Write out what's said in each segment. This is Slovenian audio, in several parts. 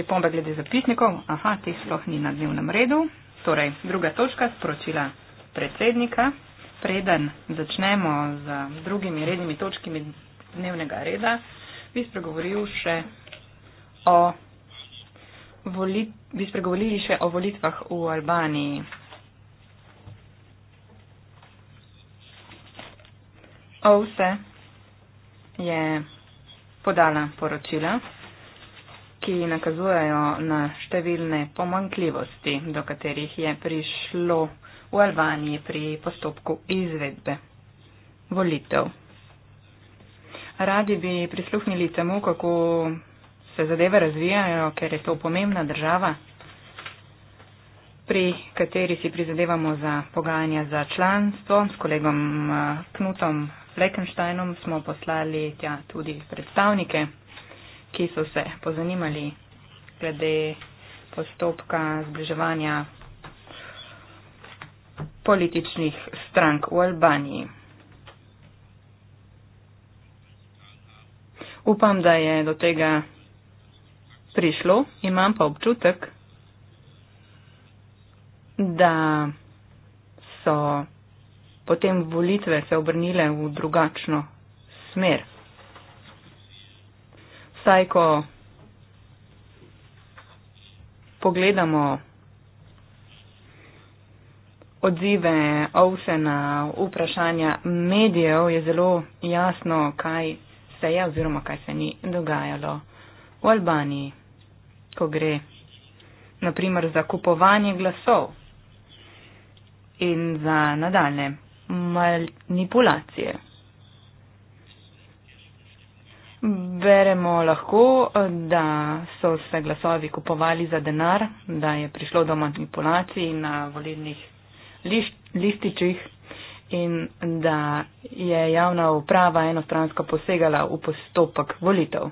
pripombe glede zapisnikov. Aha, teh sploh ni na dnevnem redu. Torej, druga točka, sporočila predsednika. Preden začnemo z drugimi rednimi točkami dnevnega reda, bi spregovoril še o, voli, bi spregovorili še o volitvah v Albaniji. Ovse je podala poročila ki nakazujejo na številne pomankljivosti, do katerih je prišlo v Albaniji pri postopku izvedbe volitev. Radi bi prisluhnili temu, kako se zadeve razvijajo, ker je to pomembna država pri kateri si prizadevamo za pogajanja za članstvo. S kolegom eh, Knutom Fleckensteinom smo poslali tja tudi predstavnike ki so se pozanimali glede postopka zbliževanja političnih strank v Albaniji. Upam, da je do tega prišlo, imam pa občutek, da so potem volitve se obrnile v drugačno smer. Saj, ko pogledamo odzive ovse na vprašanja medijev, je zelo jasno, kaj se je oziroma kaj se ni dogajalo v Albaniji, ko gre naprimer za kupovanje glasov in za nadaljne manipulacije beremo lahko, da so se glasovi kupovali za denar, da je prišlo do manipulacij na volilnih lističih in da je javna uprava enostransko posegala v postopek volitev.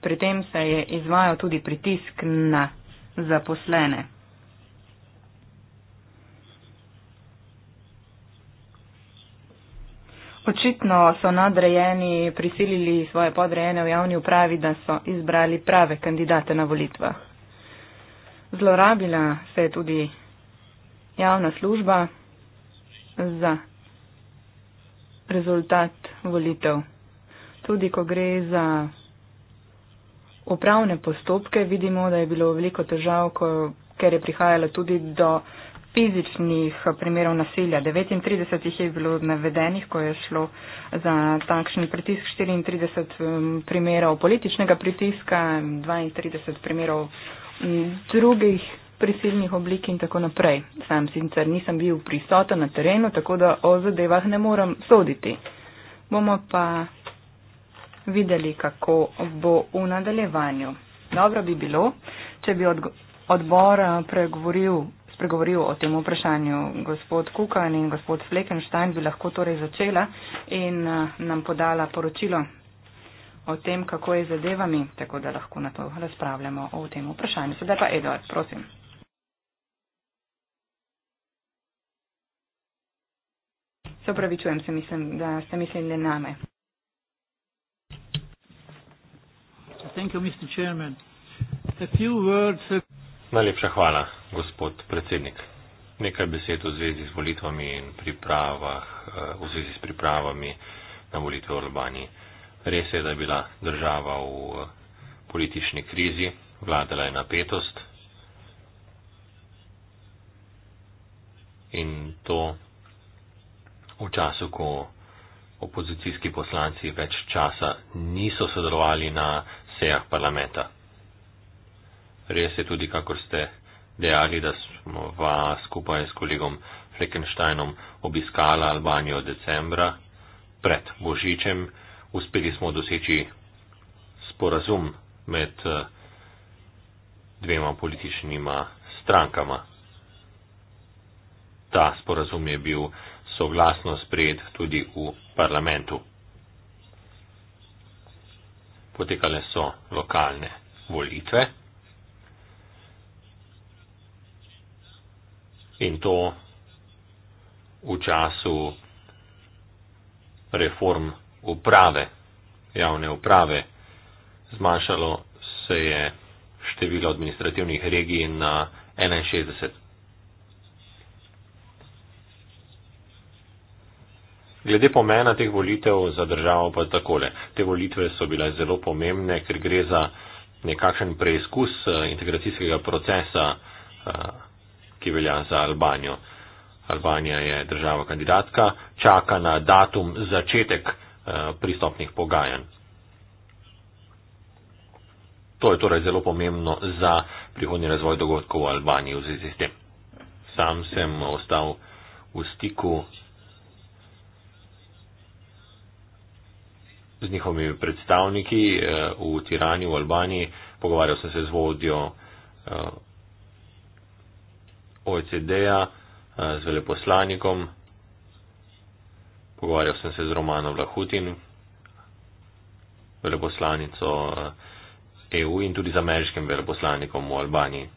Pri tem se je izvajal tudi pritisk na zaposlene. Očitno so nadrejeni prisilili svoje podrejene v javni upravi, da so izbrali prave kandidate na volitvah. Zlorabila se je tudi javna služba za rezultat volitev. Tudi ko gre za upravne postopke, vidimo, da je bilo veliko težav, ko, ker je prihajalo tudi do fizičnih primerov nasilja. 39 jih je bilo navedenih, ko je šlo za takšen pritisk, 34 um, primerov političnega pritiska, 32 primerov um, drugih prisilnih oblik in tako naprej. Sam sicer nisem bil prisoten na terenu, tako da o zadevah ne morem soditi. Bomo pa videli, kako bo v nadaljevanju. Dobro bi bilo, če bi odgo. Odbor eh, pregovoril spregovoril o tem vprašanju. Gospod Kukan in gospod Fleckenstein bi lahko torej začela in eh, nam podala poročilo o tem, kako je zadevami, tako da lahko na to razpravljamo o tem vprašanju. Sedaj pa Eduard, prosim. Se upravičujem, se mislim, da ste mislili na me. Thank you, Mr. Chairman. A few words. Uh... Najlepša hvala, gospod predsednik. Nekaj besed v zvezi z volitvami in pripravah, eh, v zvezi s pripravami na volitve v Albaniji. Res je, da je bila država v eh, politični krizi, vladala je napetost in to v času, ko opozicijski poslanci več časa niso sodelovali na sejah parlamenta res je tudi, kakor ste dejali, da smo vas skupaj s kolegom Fleckensteinom obiskala Albanijo decembra pred Božičem. Uspeli smo doseči sporazum med eh, dvema političnima strankama. Ta sporazum je bil soglasno sprejet tudi v parlamentu. Potekale so lokalne volitve. in to v času reform uprave, javne uprave. Zmanjšalo se je število administrativnih regij na 61. Glede pomena teh volitev za državo pa takole. Te volitve so bile zelo pomembne, ker gre za nekakšen preizkus eh, integracijskega procesa eh, ki velja za Albanijo. Albanija je država kandidatka, čaka na datum začetek eh, pristopnih pogajanj. To je torej zelo pomembno za prihodnji razvoj dogodkov v Albaniji v zvezi s tem. Sam sem ostal v stiku z njihovimi predstavniki eh, v Tirani v Albaniji, pogovarjal sem se z vodjo eh, OECD-ja eh, z veleposlanikom. Pogovarjal sem se z Romano Vlahutin, veleposlanico EU eh, e in tudi z ameriškim veleposlanikom v Albaniji.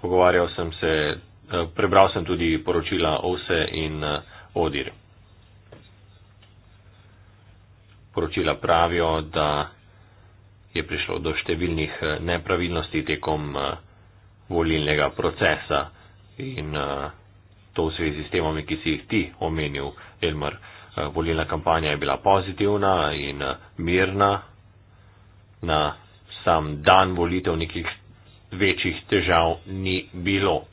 Pogovarjal sem se, eh, prebral sem tudi poročila OSE in ODIR. Poročila pravijo, da je prišlo do številnih eh, nepravilnosti tekom eh, volilnega procesa in eh, to v zvezi s temami, ki si jih ti omenil, Elmar. Volilna kampanja je bila pozitivna in mirna. Na sam dan volitev nekih večjih težav ni bilo.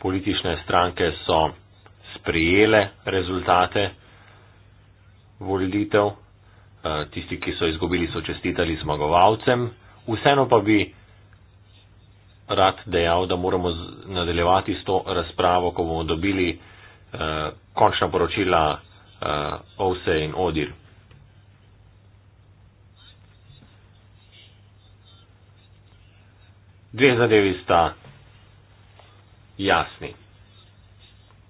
Politične stranke so prijele rezultate volitev. Eh, tisti, ki so izgubili, so čestitali zmagovalcem. Vseeno pa bi rad dejal, da moramo nadaljevati s to razpravo, ko bomo dobili eh, končna poročila eh, OVSE in ODIR. Dve zadevi sta jasni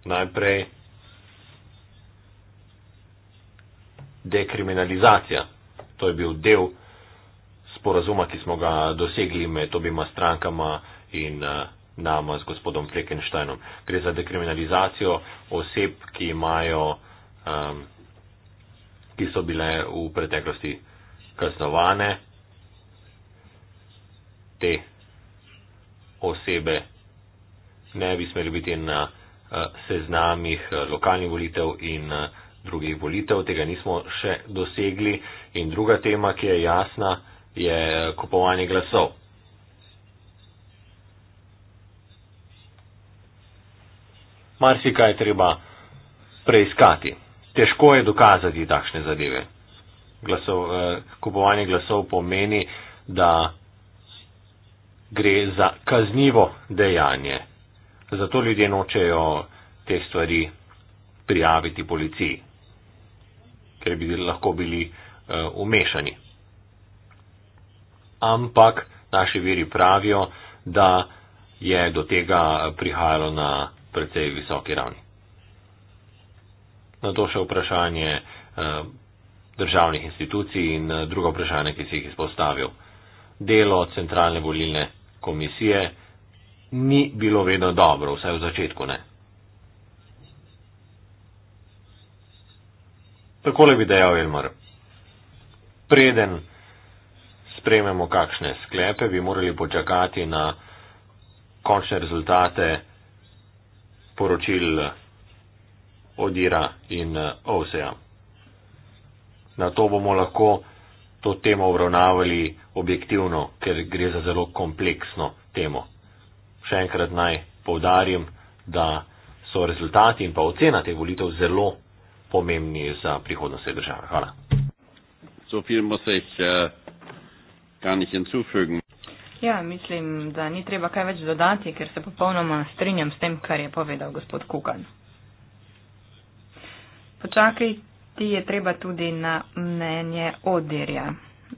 najprej dekriminalizacija. To je bil del sporazuma, ki smo ga dosegli med obima strankama in eh, nama z gospodom Fleckensteinom. Gre za dekriminalizacijo oseb, ki, imajo, um, ki so bile v preteklosti kaznovane. Te osebe ne bi smeli biti na Eh, seznamih eh, lokalnih volitev in eh, drugih volitev. Tega nismo še dosegli. In druga tema, ki je jasna, je kupovanje glasov. Marsika je treba preiskati. Težko je dokazati takšne zadeve. Glasov, kupovanje glasov pomeni, da gre za kaznivo dejanje. Zato ljudje nočejo te stvari prijaviti policiji, ker bi lahko bili uh, umešani. Ampak naši viri pravijo, da je do tega prihajalo na precej visoki ravni. Na to še vprašanje eh, državnih institucij in eh, druga vprašanja, ki si jih izpostavil. Delo centralne volilne komisije ni bilo vedno dobro, vsaj v začetku ne. Takole bi dejal Elmar. Preden sprememo kakšne sklepe, bi morali počakati na končne rezultate poročil Odira in eh, Oseja. Na to bomo lahko to temo obravnavali objektivno, ker gre za zelo kompleksno temo še enkrat naj povdarim, da so rezultati in pa ocena teh volitev zelo pomembni za prihodnost te države. Hvala. Äh, ja, mislim, da ni treba kaj več dodati, ker se popolnoma strinjam s tem, kar je povedal gospod Kukan. Počakati je treba tudi na mnenje Odirja.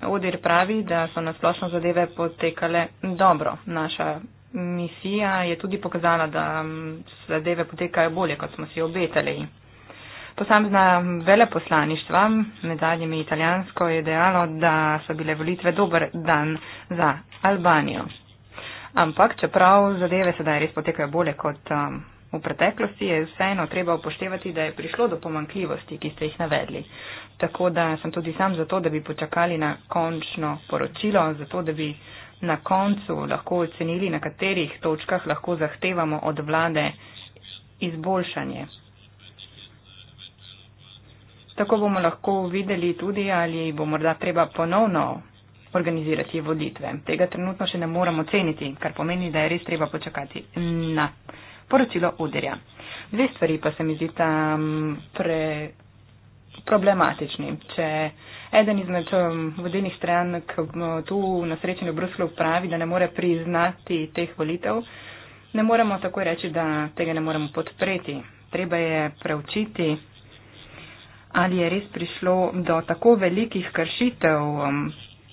Odir pravi, da so na splošno zadeve potekale dobro. Naša misija je tudi pokazala, da mm, zadeve potekajo bolje, kot smo si obetali. Posamezna veleposlaništva, med zadnjimi italijansko, je dejalo, da so bile volitve dober dan za Albanijo. Ampak, čeprav zadeve sedaj res potekajo bolje kot um, v preteklosti, je vseeno treba upoštevati, da je prišlo do pomankljivosti, ki ste jih navedli. Tako da sem tudi sam za to, da bi počakali na končno poročilo, zato da bi na koncu lahko ocenili, na katerih točkah lahko zahtevamo od vlade izboljšanje. Tako bomo lahko videli tudi, ali bo morda treba ponovno organizirati volitve. Tega trenutno še ne moramo ceniti, kar pomeni, da je res treba počakati na poročilo udirja. Dve stvari pa se mi zdi tam mm, pre problematični. Če Eden izmed vodilnih strank tu na srečanju v Bruslu pravi, da ne more priznati teh volitev. Ne moremo takoj reči, da tega ne moremo podpreti. Treba je preučiti, ali je res prišlo do tako velikih kršitev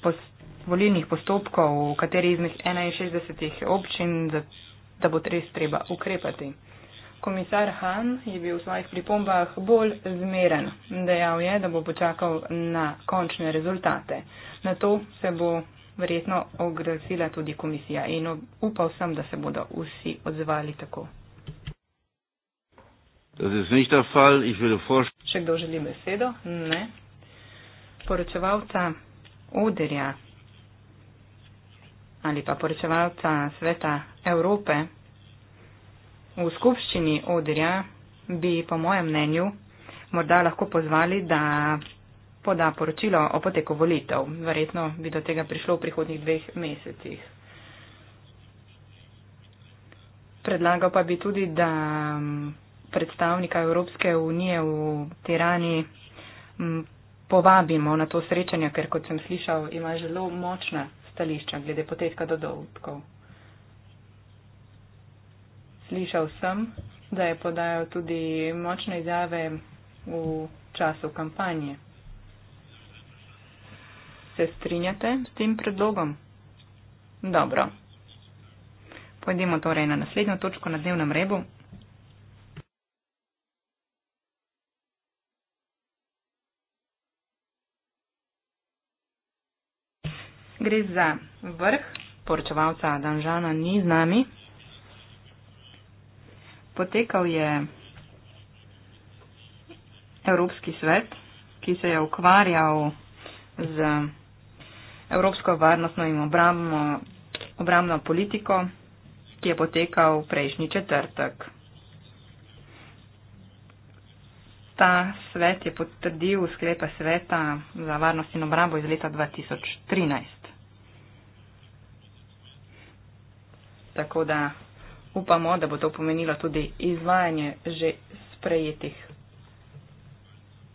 post volilnih postopkov v kateri izmed 61 občin, da bo res treba ukrepati. Komisar Han je bil v svojih pripombah bolj zmeren. Dejal je, da bo počakal na končne rezultate. Na to se bo verjetno oglasila tudi komisija in upal sem, da se bodo vsi odzvali tako. Če kdo želi besedo? Ne. Poročevalca Oderja ali pa poročevalca Sveta Evrope v skupščini odirja bi, po mojem mnenju, morda lahko pozvali, da poda poročilo o poteku volitev. Verjetno bi do tega prišlo v prihodnjih dveh mesecih. Predlagal pa bi tudi, da predstavnika Evropske unije v Tirani povabimo na to srečanje, ker kot sem slišal, ima zelo močna stališča glede potetka dodovkov. Do Slišal sem, da je podajal tudi močne izjave v času kampanje. Se strinjate s tem predlogom? Dobro. Pojdimo torej na naslednjo točko na dnevnem rebu. Gre za vrh, poročevalca Danžana ni z nami, potekal je Evropski svet, ki se je ukvarjal z Evropsko varnostno in obrambno, obrambno politiko, ki je potekal prejšnji četrtek. Ta svet je potrdil sklepe sveta za varnost in obrambo iz leta 2013. Tako da upamo, da bo to pomenilo tudi izvajanje že sprejetih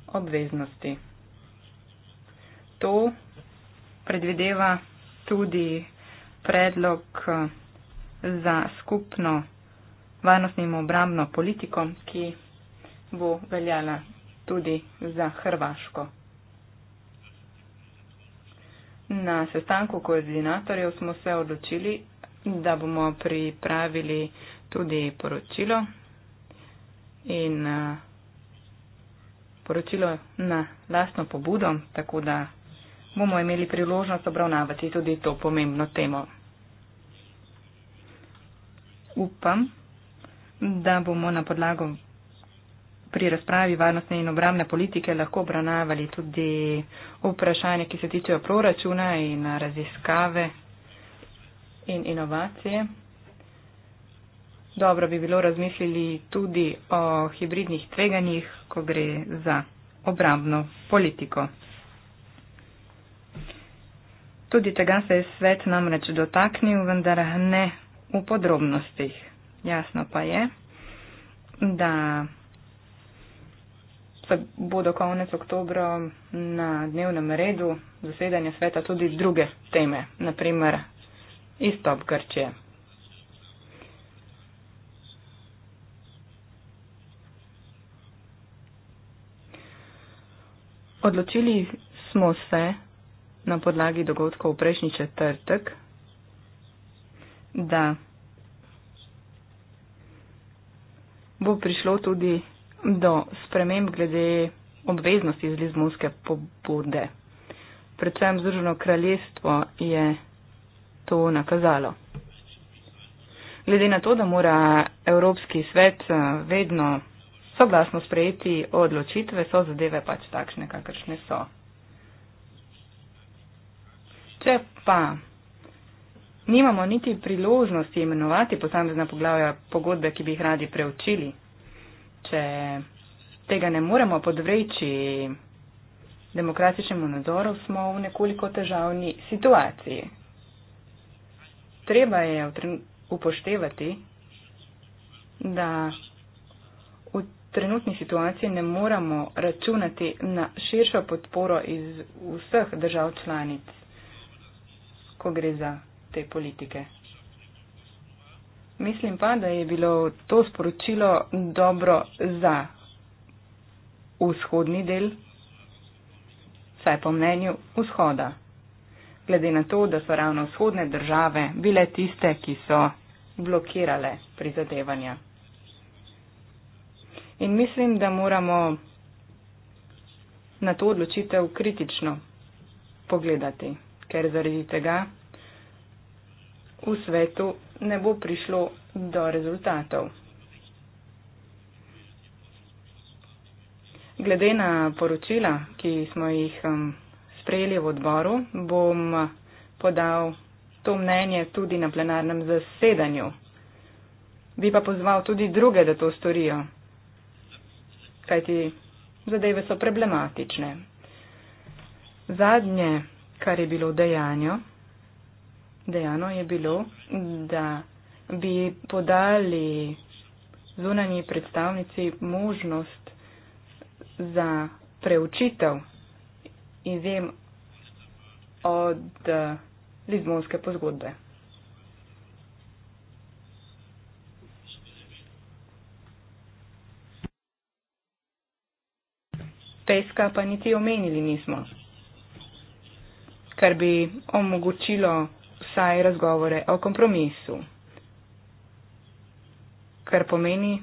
obveznosti. To predvideva tudi predlog eh, za skupno varnostno in obrambno politiko, ki bo veljala tudi za Hrvaško. Na sestanku koordinatorjev smo se odločili, da bomo pripravili tudi poročilo in eh, poročilo na lastno pobudo, tako da bomo imeli priložnost obravnavati tudi to pomembno temo. Upam, da bomo na podlago pri razpravi varnostne in obramne politike lahko obravnavali tudi vprašanje, ki se tiče proračuna in eh, raziskave in inovacije. Dobro bi bilo razmislili tudi o hibridnih tveganjih, ko gre za obrambno politiko. Tudi tega se je svet namreč dotaknil, vendar ne v podrobnostih. Jasno pa je, da se bodo konec oktobra na dnevnem redu zasedanja sveta tudi druge teme, naprimer iz Top Grče. Odločili smo se na podlagi dogodkov v prejšnji četrtek, da bo prišlo tudi do sprememb glede obveznosti iz Lizbonske pobude. Predvsem Združeno kraljestvo je to nakazalo. Glede na to, da mora Evropski svet eh, vedno soglasno sprejeti odločitve, so zadeve pač takšne, kakršne so. Če pa nimamo niti priložnosti imenovati posamezna poglavja pogodbe, ki bi jih radi preučili, če tega ne moremo podvreči demokratičnemu nadzoru, smo v nekoliko težavni situaciji treba je upoštevati, da v trenutni situaciji ne moramo računati na širšo podporo iz vseh držav članic, ko gre za te politike. Mislim pa, da je bilo to sporočilo dobro za vzhodni del, saj po mnenju vzhoda glede na to, da so ravno vzhodne države bile tiste, ki so blokirale prizadevanja. In mislim, da moramo na to odločitev kritično pogledati, ker zaradi tega v svetu ne bo prišlo do rezultatov. Glede na poročila, ki smo jih um, sprejeli v odboru, bom podal to mnenje tudi na plenarnem zasedanju. Bi pa pozval tudi druge, da to storijo, kajti zadeve so problematične. Zadnje, kar je bilo dejanjo, dejano je bilo, da bi podali zunanji predstavnici možnost za preučitev in vem od eh, Lizbonske pozgodbe. Peska pa niti omenili nismo, kar bi omogočilo vsaj razgovore o kompromisu, kar pomeni,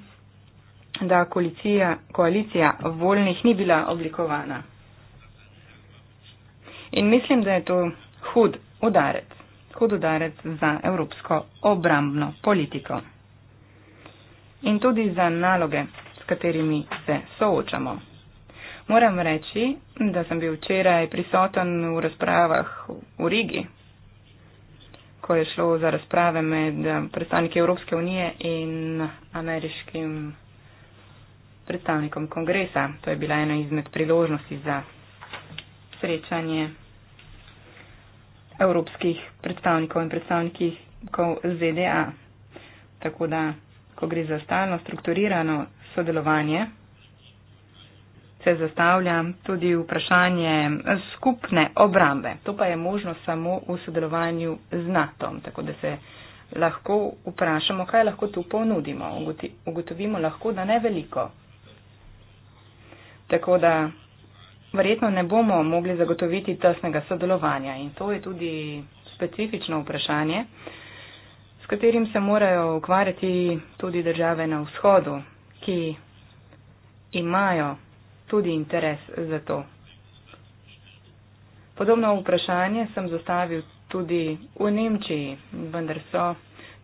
da koalicija, koalicija voljnih ni bila oblikovana. In mislim, da je to hud udarec, hud udarec za evropsko obrambno politiko. In tudi za naloge, s katerimi se soočamo. Moram reči, da sem bil včeraj prisoten v razpravah v Rigi, ko je šlo za razprave med predstavniki Evropske unije in ameriškim predstavnikom kongresa. To je bila ena izmed priložnosti za srečanje evropskih predstavnikov in predstavnikov ZDA. Tako da, ko gre za stalno strukturirano sodelovanje, se zastavlja tudi vprašanje skupne obrambe. To pa je možno samo v sodelovanju z NATO. Tako da se lahko vprašamo, kaj lahko tu ponudimo. Ugotovimo lahko, da ne veliko. Tako da verjetno ne bomo mogli zagotoviti tesnega sodelovanja in to je tudi specifično vprašanje, s katerim se morajo ukvarjati tudi države na vzhodu, ki imajo tudi interes za to. Podobno vprašanje sem zastavil tudi v Nemčiji, vendar so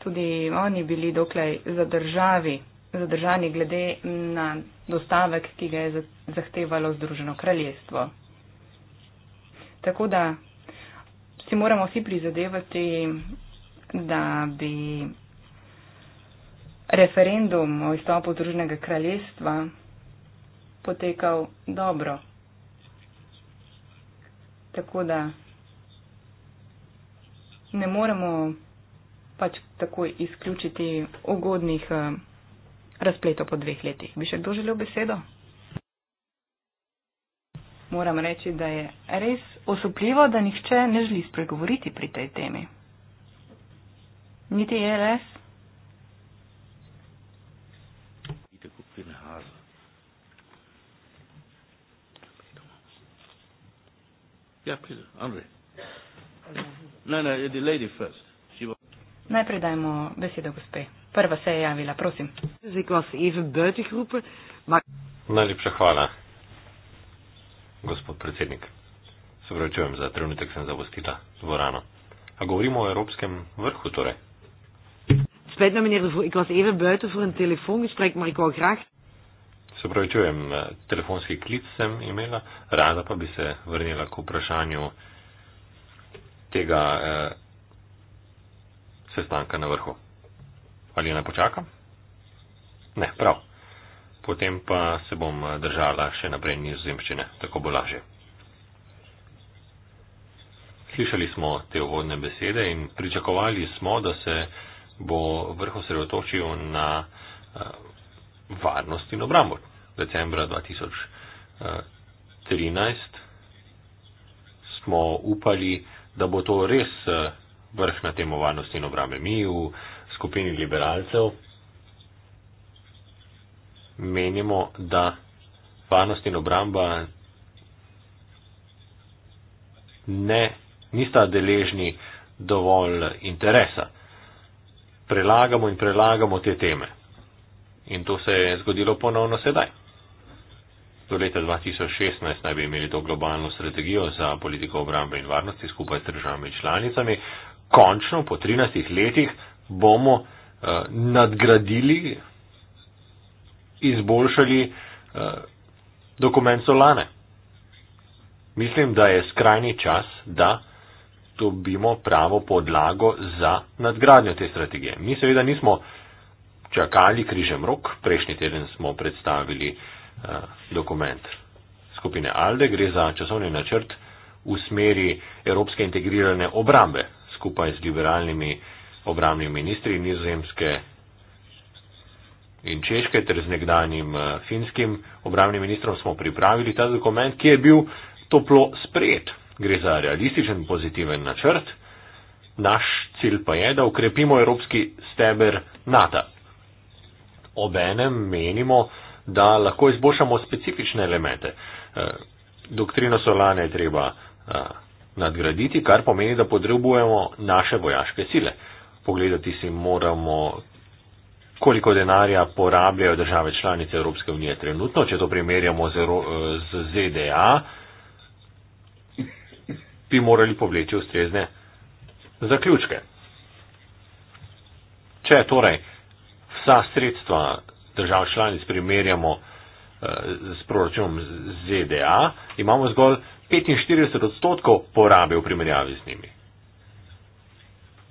tudi oni bili dokaj zadržavi, zadržani glede na dostavek, ki ga je zahtevalo Združeno kraljestvo. Tako da si moramo vsi prizadevati, da bi referendum o izstopu Združenega kraljestva potekal dobro. Tako da ne moremo pač takoj izključiti ugodnih eh, razpletel po dveh letih. Bi še kdo želel besedo? Moram reči, da je res osupljivo, da nihče ne želi spregovoriti pri tej temi. Niti e ja, je res. Najprej dajmo besedo gospe prva se je javila, prosim. Najlepša hvala, gospod predsednik. Se vračujem, za trenutek sem zapustila dvorano. A govorimo o Evropskem vrhu, torej? Se pravi, čujem, eh, telefonski klic sem imela, rada pa bi se vrnila k vprašanju tega eh, sestanka na vrhu ali naj počakam? Ne, prav. Potem pa se bom eh, držala še naprej nizozemščine, tako bo lažje. Slišali smo te uvodne besede in pričakovali smo, da se bo vrh osredotočil na uh, varnost in obrambo. Decembra 2013 eh, smo upali, da bo to res vrh na temo varnosti in obrambe. Mi v uh, skupini liberalcev menimo, da varnost in obramba ne, nista deležni dovolj interesa. Prelagamo in prelagamo te teme. In to se je zgodilo ponovno sedaj. Do leta 2016 naj bi imeli to globalno strategijo za politiko obrambe in varnosti skupaj s državami članicami. Končno, po 13 letih, bomo uh, nadgradili, izboljšali uh, dokument Solane. Mislim, da je skrajni čas, da dobimo pravo podlago za nadgradnjo te strategije. Mi seveda nismo čakali križem rok, prejšnji teden smo predstavili uh, dokument skupine ALDE, gre za časovni načrt v smeri Evropske integrirane obrambe skupaj z liberalnimi uh, obramni ministri nizozemske in češke ter z nekdanjim eh, finskim obramnim ministrom smo pripravili ta dokument, ki je bil toplo sprejet. Gre za realističen, pozitiven načrt. Naš cilj pa je, da ukrepimo evropski steber NATO. Obenem menimo, da lahko izboljšamo specifične elemente. Eh, doktrino Solane je treba eh, nadgraditi, kar pomeni, da potrebujemo naše vojaške sile pogledati si moramo, koliko denarja porabljajo države članice Evropske unije trenutno, če to primerjamo z, z ZDA, bi morali povleči ustrezne zaključke. Če torej vsa sredstva držav članic primerjamo eh, s proračunom ZDA, imamo zgolj 45 odstotkov porabe v primerjavi z njimi.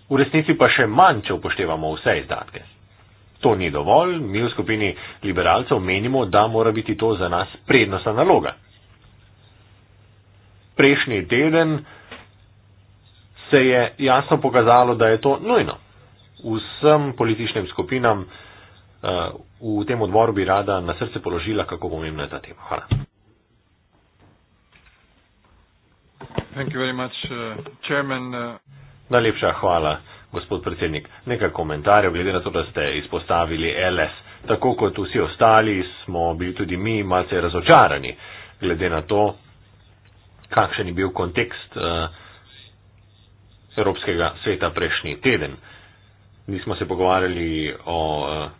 V resnici pa še manj, če upoštevamo vse izdatke. To ni dovolj, mi v skupini liberalcev menimo, da mora biti to za nas prednostna naloga. Prejšnji teden se je jasno pokazalo, da je to nujno. Vsem političnim skupinam eh, v tem odboru bi rada na srce položila, kako pomembna je ta tema. Hvala. Thank you very much, uh, Chairman. Uh... Najlepša hvala, gospod predsednik. Nekaj komentarjev, glede na to, da ste izpostavili LS. Tako kot vsi ostali smo bili tudi mi malce razočarani, glede na to, kakšen je bil kontekst uh, Evropskega sveta prejšnji teden. Nismo se pogovarjali o uh,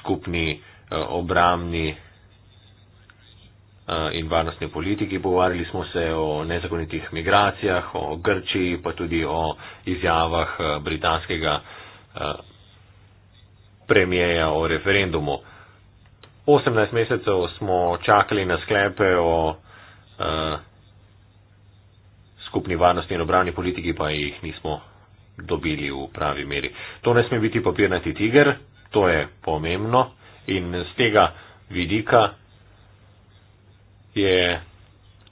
skupni uh, obramni uh, Eh, in varnostni politiki. Pogovarjali smo se o nezakonitih migracijah, o Grčiji, pa tudi o izjavah eh, britanskega eh, premijeja o referendumu. 18 mesecev smo čakali na sklepe o skupni varnostni in obrani politiki, pa jih nismo dobili v pravi meri. To ne sme biti papirnati tiger, to je pomembno in z tega vidika je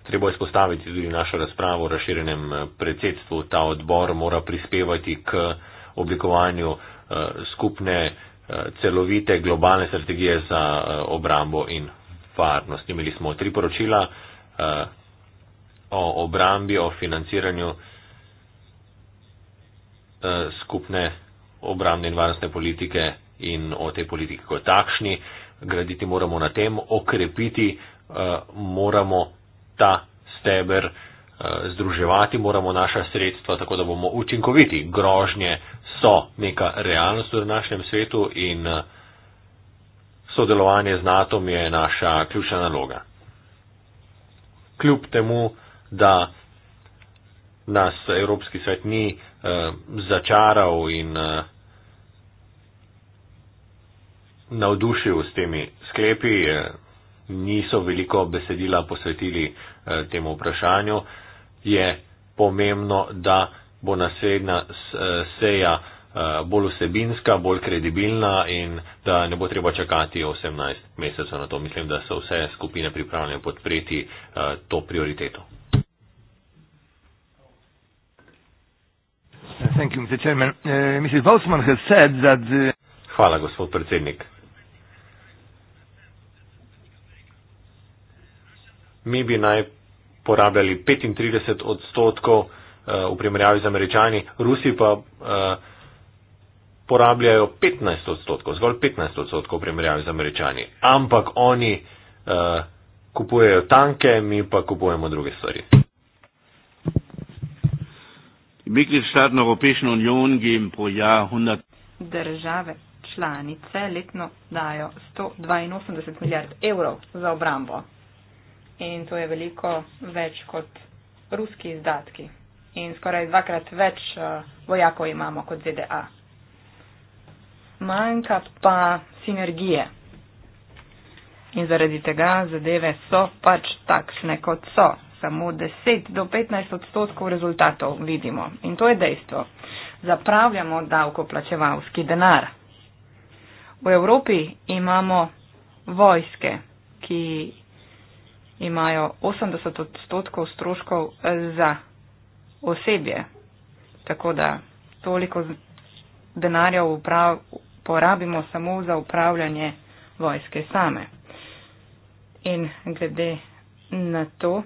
treba izpostaviti tudi našo razpravo o razširjenem eh, predsedstvu. Ta odbor mora prispevati k eh, oblikovanju eh, skupne celovite globalne strategije za obrambo in varnost. Imeli smo tri poročila o obrambi, o financiranju skupne obrambne in varnostne politike in o tej politiki kot takšni. Graditi moramo na tem, okrepiti Eh, moramo ta steber eh, združevati, moramo naša sredstva, tako da bomo učinkoviti. Grožnje so neka realnost v našem svetu in eh, sodelovanje z NATO je naša ključna naloga. Kljub temu, da nas Evropski svet ni začaral in navdušil s temi sklepi, niso veliko besedila posvetili eh, temu vprašanju, je pomembno, da bo naslednja eh, seja eh, bolj vsebinska, bolj kredibilna in da ne bo treba čakati 18 mesecev na to. Mislim, da so vse skupine pripravljene podpreti to prioriteto. Hvala, gospod predsednik. mi bi naj porabljali 35 odstotkov eh, v primerjavi z američani, Rusi pa eh, porabljajo 15 odstotkov, zgolj 15 odstotkov v primerjavi z američani. Ampak oni eh, kupujejo tanke, mi pa kupujemo druge stvari. Države članice letno dajo 182 milijard evrov za obrambo in to je veliko več kot ruski izdatki. In skoraj dvakrat več eh, vojakov imamo kot ZDA. Manjka pa sinergije. In zaradi tega zadeve so pač takšne, kot so. Samo 10 do 15 odstotkov rezultatov vidimo. In to je dejstvo. Zapravljamo davkoplačevalski denar. V Evropi imamo vojske, ki imajo 80 odstotkov stroškov za osebje. Tako da toliko denarja uprav, porabimo samo za upravljanje vojske same. In glede na to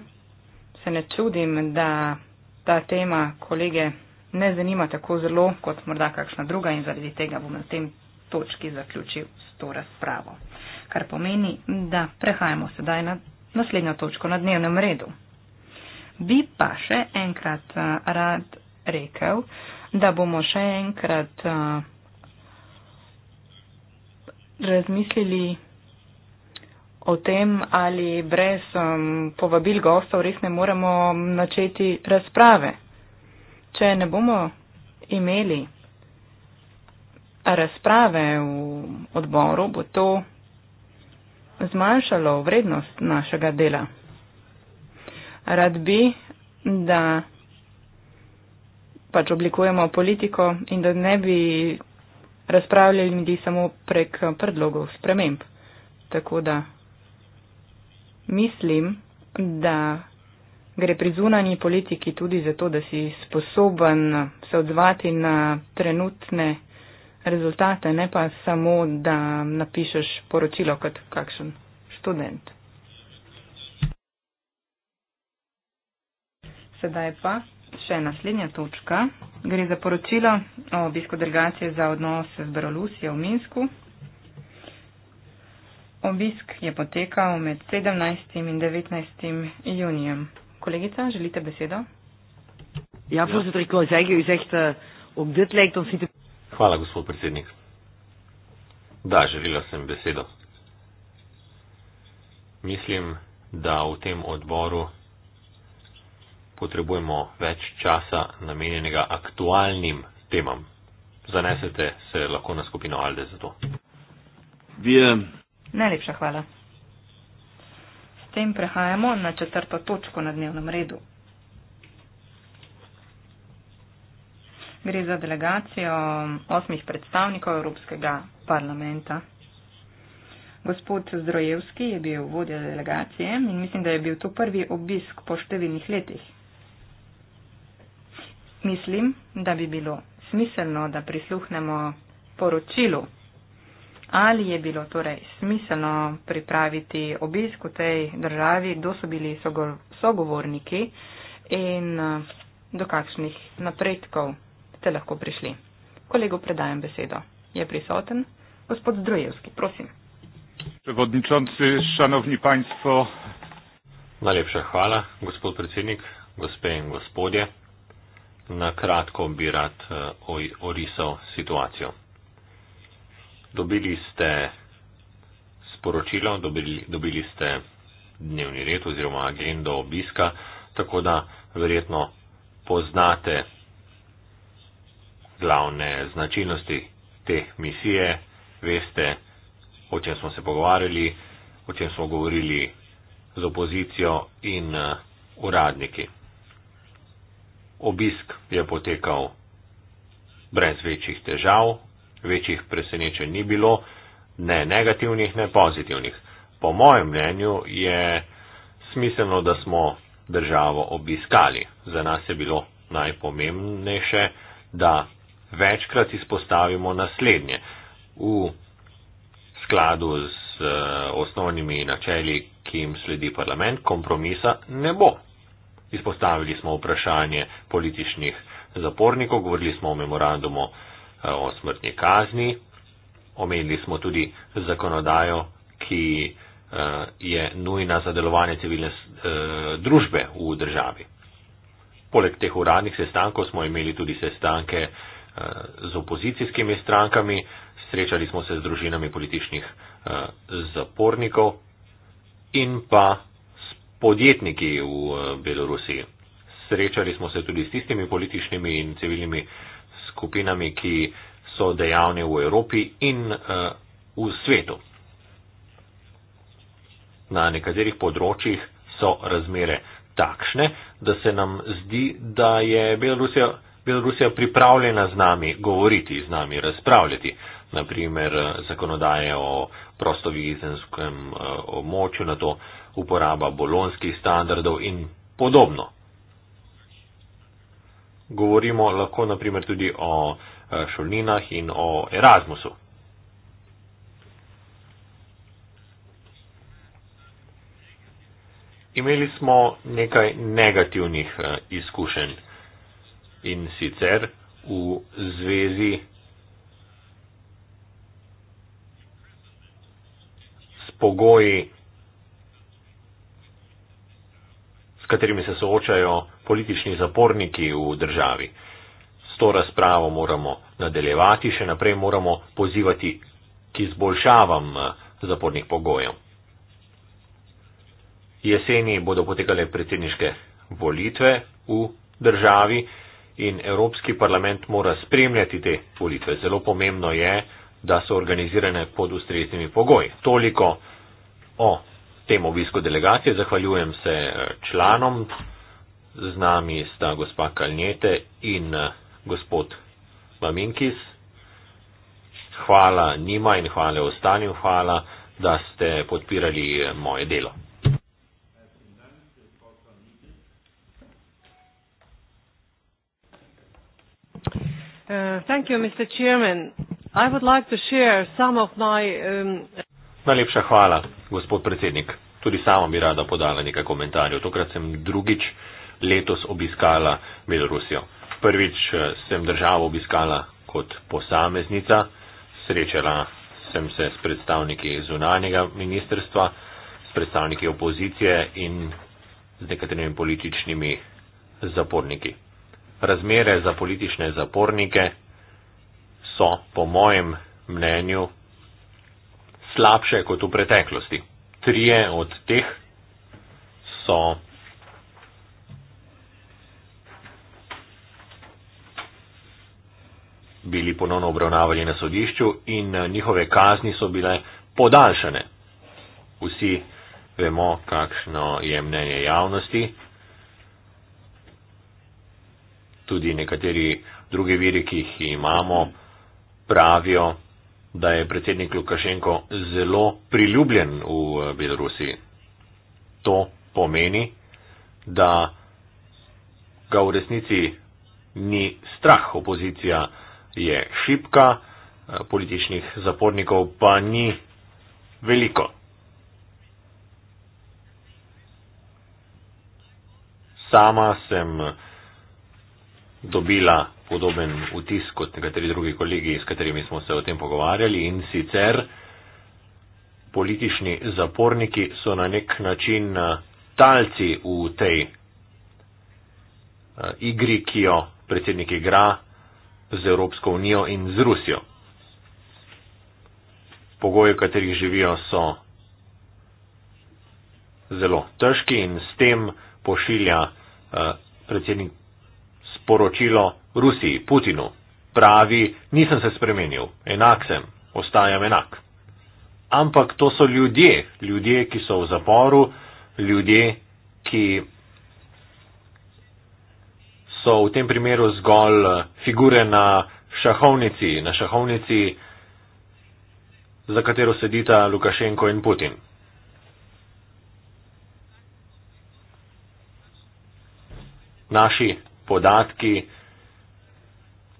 se ne čudim, da ta tema kolege ne zanima tako zelo kot morda kakšna druga in zaradi tega bom na tem točki zaključil s to razpravo. Kar pomeni, da prehajamo sedaj na naslednjo točko na dnevnem redu. Bi pa še enkrat eh, rad rekel, da bomo še enkrat eh, razmislili o tem, ali brez povabil gostov res ne moremo načeti razprave. Če ne bomo imeli razprave v odboru, bo to zmanjšalo vrednost našega dela. Rad bi, da pač oblikujemo politiko in da ne bi razpravljali ljudi samo prek predlogov sprememb. Tako da mislim, da gre pri zunanji politiki tudi za to, da si sposoben se odzvati na trenutne rezultate, ne pa samo, da napišeš poročilo kot kakšen študent. Sedaj pa še naslednja točka. Gre za poročilo o obisku delegacije za odnose z Berolusijo v Minsku. Obisk je potekal med 17. in 19. junijem. Kolegica, želite besedo? Ja, voorzitter, ik wil zeggen, u zegt uh, ook dit lijkt ons niet te. Hvala, gospod predsednik. Da, želela sem besedo. Mislim, da v tem odboru potrebujemo več časa namenjenega aktualnim temam. Zanesete se lahko na skupino Alde za to. Najlepša hvala. S tem prehajamo na četrto točko na dnevnem redu. Gre za delegacijo osmih predstavnikov Evropskega parlamenta. Gospod Zdrojevski je bil vodja delegacije in mislim, da je bil to prvi obisk po številnih letih. Mislim, da bi bilo smiselno, da prisluhnemo poročilu, ali je bilo torej smiselno pripraviti obisk v tej državi, kdo so bili sogovorniki in eh, do kakšnih napredkov ste lahko prišli. Kolegu predajam besedo. Je prisoten gospod Zdrojevski, prosim. Prevodničanci, šanovni panjstvo. Najlepša hvala, gospod predsednik, gospe in gospodje. Na kratko bi rad eh, orisal situacijo. Dobili ste sporočilo, dobili, dobili ste dnevni red oziroma agendo obiska, tako da verjetno poznate glavne značilnosti te misije, veste, o čem smo se pogovarjali, o čem smo govorili z opozicijo in eh, uradniki. Obisk je potekal brez večjih težav, večjih presenečenj ni bilo, ne negativnih, ne pozitivnih. Po mojem mnenju je smiselno, da smo državo obiskali. Za nas je bilo najpomembnejše, da večkrat izpostavimo naslednje. V skladu z eh, osnovnimi načeli, ki jim sledi parlament, kompromisa ne bo. Izpostavili smo vprašanje političnih zapornikov, govorili smo o memorandumu eh, o smrtni kazni, omenili smo tudi zakonodajo, ki eh, je nujna za delovanje civilne družbe v državi. Poleg teh uradnih sestankov smo imeli tudi sestanke z opozicijskimi strankami, srečali smo se z družinami političnih eh, zapornikov in pa s podjetniki v eh, Belorusiji. Srečali smo se tudi s tistimi političnimi in civilnimi skupinami, ki so dejavni v Evropi in eh, v svetu. Na nekaterih področjih so razmere takšne, da se nam zdi, da je Belorusija Belorusija pripravljena z nami govoriti, z nami razpravljati. Naprimer, eh, zakonodaje o prostovizenskem eh, območju, na to uporaba bolonskih standardov in podobno. Govorimo lahko naprimer tudi o eh, šolninah in o Erasmusu. Imeli smo nekaj negativnih izkušenj in sicer v zvezi s pogoji, s katerimi se soočajo politični zaporniki v državi. S to razpravo moramo nadaljevati, še naprej moramo pozivati k izboljšavam eh, zapornih pogojev. Jeseni bodo potekale predsedniške volitve v državi in Evropski parlament mora spremljati te volitve. Zelo pomembno je, da so organizirane pod ustreznimi pogoji. Toliko o tem obisku delegacije. Zahvaljujem se eh, članom. Z nami sta gospa Kalnjete in eh, gospod Maminkis. Hvala njima in hvala ostalim. Hvala, da ste podpirali eh, moje delo. Uh, thank you, Mr. Chairman. I would like to share some of my... Um, Najlepša hvala, gospod predsednik. Tudi sama bi rada podala nekaj komentarjev. Tokrat sem drugič letos obiskala Belorusijo. Prvič eh, sem državo obiskala kot posameznica, srečala sem se s predstavniki zunanjega ministerstva, s predstavniki opozicije in z nekaterimi političnimi zaporniki razmere za politične zapornike so, po mojem mnenju, slabše kot v preteklosti. Trije od teh so bili ponovno obravnavani na sodišču in eh, njihove kazni so bile podaljšane. Vsi vemo, kakšno je mnenje javnosti, tudi nekateri drugi viri, ki jih imamo, pravijo, da je predsednik Lukašenko zelo priljubljen v eh, Belorusiji. To pomeni, da ga v resnici ni strah. Opozicija je šipka, eh, političnih zapornikov pa ni veliko. Sama sem dobila podoben vtis kot nekateri drugi kolegi, s katerimi smo se o tem pogovarjali in sicer politični zaporniki so na nek način eh, talci v tej eh, igri, ki jo predsednik igra z Evropsko unijo in z Rusijo. Pogoje, v katerih živijo, so zelo težki in s tem pošilja eh, predsednik poročilo Rusiji, Putinu. Pravi, nisem se spremenil, enak sem, ostajam enak. Ampak to so ljudje, ljudje, ki so v zaporu, ljudje, ki so v tem primeru zgolj eh, figure na šahovnici, na šahovnici, za katero sedita Lukašenko in Putin. Naši podatki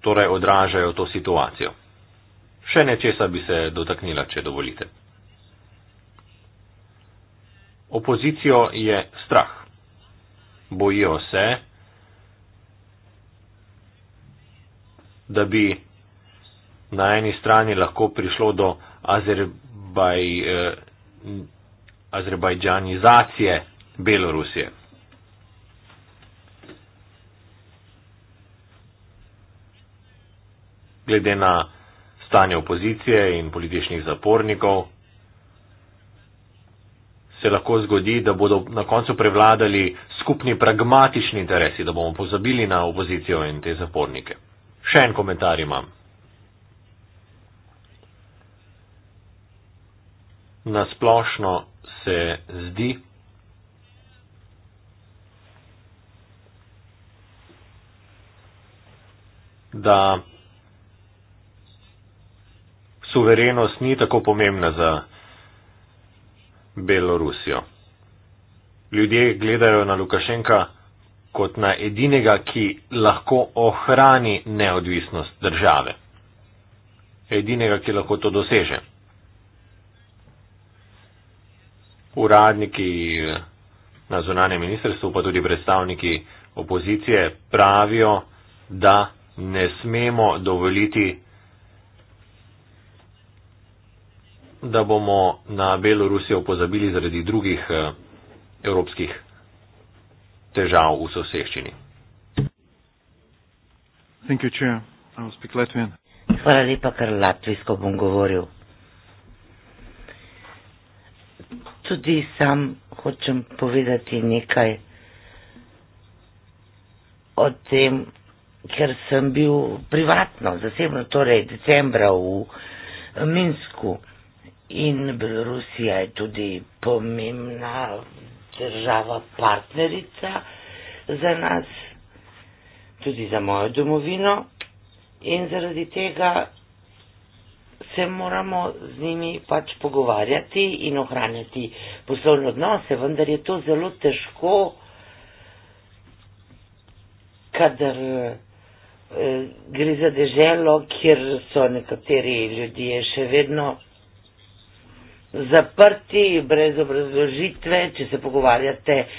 torej odražajo to situacijo. Še nečesa bi se dotaknila, če dovolite. Opozicijo je strah. Bojijo se, da bi na eni strani lahko prišlo do azerbaj, eh, azerbajdžanizacije Belorusije. glede na stanje opozicije in političnih zapornikov, se lahko zgodi, da bodo na koncu prevladali skupni pragmatični interesi, da bomo pozabili na opozicijo in te zapornike. Še en komentar imam. Nasplošno se zdi, da suverenost ni tako pomembna za Belorusijo. Ljudje gledajo na Lukašenka kot na edinega, ki lahko ohrani neodvisnost države. Edinega, ki lahko to doseže. Uradniki na zunanjem ministrstvu, pa tudi predstavniki opozicije pravijo, da ne smemo dovoliti da bomo na Belorusijo pozabili zaradi drugih eh, evropskih težav v soseščini. You, Hvala lepa, kar latvijsko bom govoril. Tudi sam hočem povedati nekaj o tem, ker sem bil privatno, zasebno, torej decembra v Minsku in Belorusija je tudi pomembna država, partnerica za nas, tudi za mojo domovino in zaradi tega se moramo z njimi pač pogovarjati in ohranjati poslovne odnose, vendar je to zelo težko, kadar eh, gre za deželo, kjer so nekateri ljudje še vedno zaprti, brez obrazložitve, če se pogovarjate eh,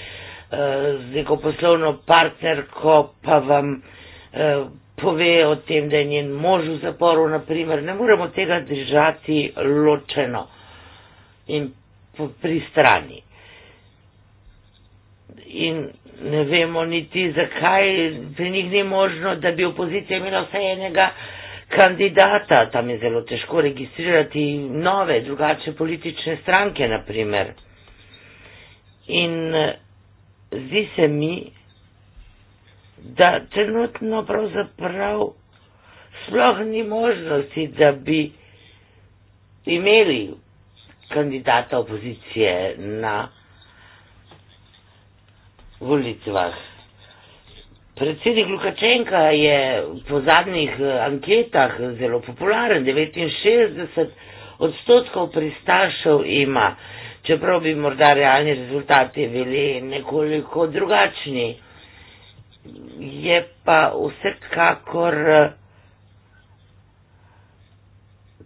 z neko poslovno partnerko, pa vam eh, pove o tem, da je njen mož v zaporu, naprimer, ne moremo tega držati ločeno in pri strani. In ne vemo niti, zakaj pri njih ni možno, da bi opozicija imela vse enega kandidata, tam je zelo težko registrirati nove, drugače politične stranke, na primer. In eh, zdi se mi, da trenutno pravzaprav sploh ni možnosti, da bi imeli kandidata opozicije na volitvah. Predsednik Lukačenka je po zadnjih eh, anketah zelo popularen, 69 odstotkov pristašev ima, čeprav bi morda realni rezultati bili nekoliko drugačni. Je pa vsekakor eh,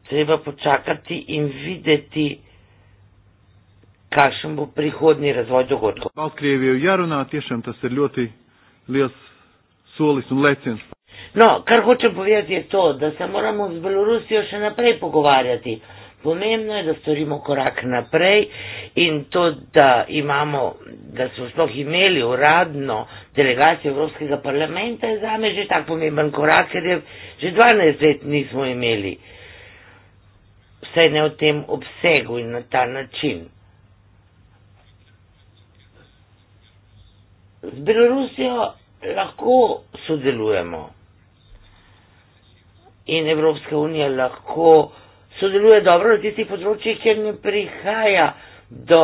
treba počakati in videti, kakšen bo prihodni razvoj dogodkov. Balkrijev je v jaru na tešem, da se ljuti, lez čuli smo lecen. No, kar hočem povedati je to, da se moramo z Belorusijo še naprej pogovarjati. Pomembno je, da storimo korak naprej in to, da imamo, da smo sploh imeli uradno delegacijo Evropskega parlamenta, je za me že tak pomemben korak, ker je že 12 let nismo imeli. Vse ne v tem obsegu in na ta način. Z Belorusijo lahko sodelujemo. In Evropska unija lahko sodeluje dobro na tistih področjih, kjer ne prihaja do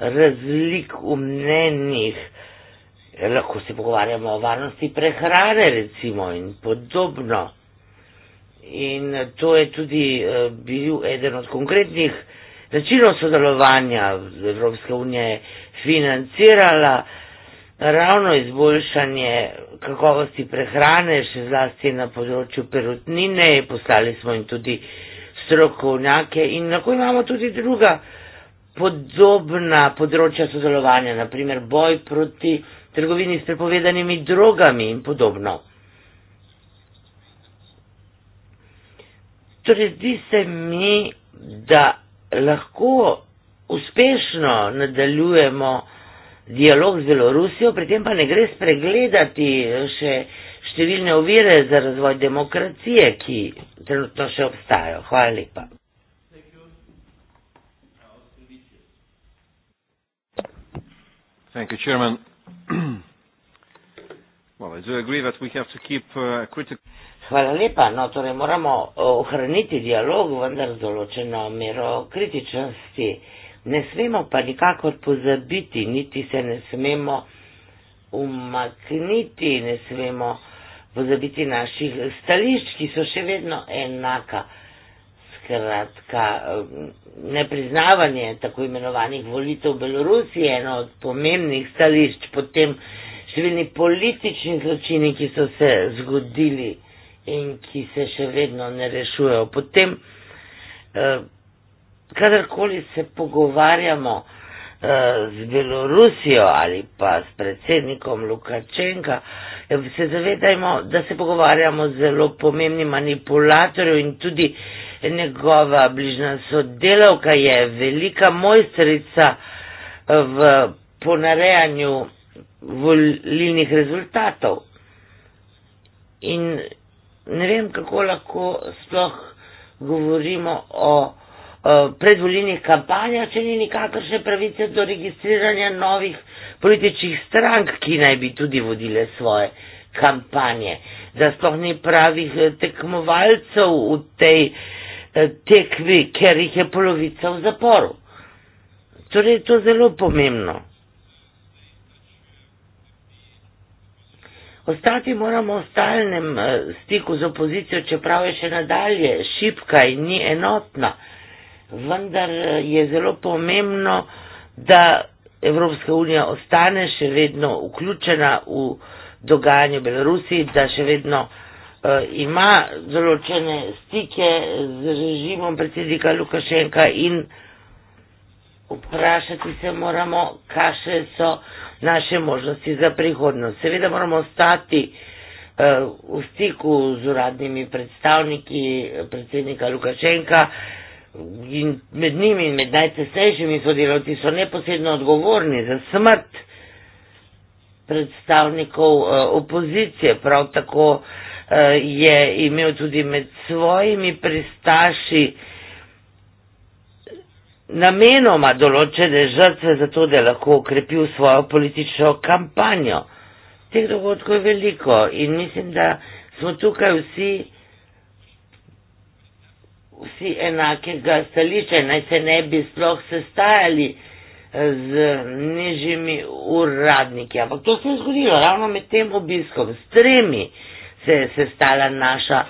razlik v mnenjih. Lahko se pogovarjamo o varnosti prehrane, recimo, in podobno. In to je tudi eh, bil eden od konkretnih načinov sodelovanja. Evropska unija je financirala ravno izboljšanje kakovosti prehrane, še zlasti na področju perutnine, poslali smo jim tudi strokovnjake in lahko imamo tudi druga podobna področja sodelovanja, naprimer boj proti trgovini s prepovedanimi drogami in podobno. Torej, zdi se mi, da lahko uspešno nadaljujemo dialog z Belorusijo, pri tem pa ne gre spregledati še številne ovire za razvoj demokracije, ki trenutno še obstajajo. Hvala lepa. Thank you, Chairman. well, I do agree that we have to keep uh, critical. Hvala lepa. No, torej moramo ohraniti dialog, vendar z določeno mero kritičnosti. Uh, Ne smemo pa nikakor pozabiti, niti se ne smemo umakniti, ne smemo pozabiti naših stališč, ki so še vedno enaka. Skratka, nepriznavanje tako imenovanih volitev v Belorusiji je eno od pomembnih stališč, potem številni politični zločini, ki so se zgodili in ki se še vedno ne rešujejo. Potem, eh, kadarkoli se pogovarjamo uh, z Belorusijo ali pa s predsednikom Lukačenka, eh, se zavedajmo, da se pogovarjamo z zelo pomembnim manipulatorjem in tudi njegova bližna sodelavka je velika mojstrica eh, v ponarejanju volilnih rezultatov. In ne vem, kako lahko sploh govorimo o Eh, predvoljenih kampanja, če ni nikakršne pravice do registriranja novih političnih strank, ki naj bi tudi vodile svoje kampanje, da sploh ni pravih eh, tekmovalcev v tej eh, tekvi, ker jih je polovica v zaporu. Torej je to zelo pomembno. Ostati moramo v stalnem stiku z opozicijo, čeprav je še nadalje šipka in ni enotna vendar eh, je zelo pomembno, da Evropska unija ostane še vedno vključena v dogajanje v Belorusiji, da še vedno uh, ima določene stike z režimom predsednika Lukašenka in vprašati se moramo, kakšne so naše možnosti za prihodnost. Seveda moramo ostati uh, v stiku z uradnimi predstavniki predsednika Lukašenka in med njimi in med najcesejšimi sodelavci so neposredno odgovorni za smrt predstavnikov eh, opozicije. Prav tako eh, je imel tudi med svojimi pristaši namenoma določene žrtve za to, da je lahko ukrepil svojo politično kampanjo. Teh dogodkov je veliko in mislim, da smo tukaj vsi vsi enakega stališča, naj se ne bi sploh sestajali eh, z nižjimi uradniki. Ampak to se je zgodilo ravno med tem obiskom. S tremi se je sestala naša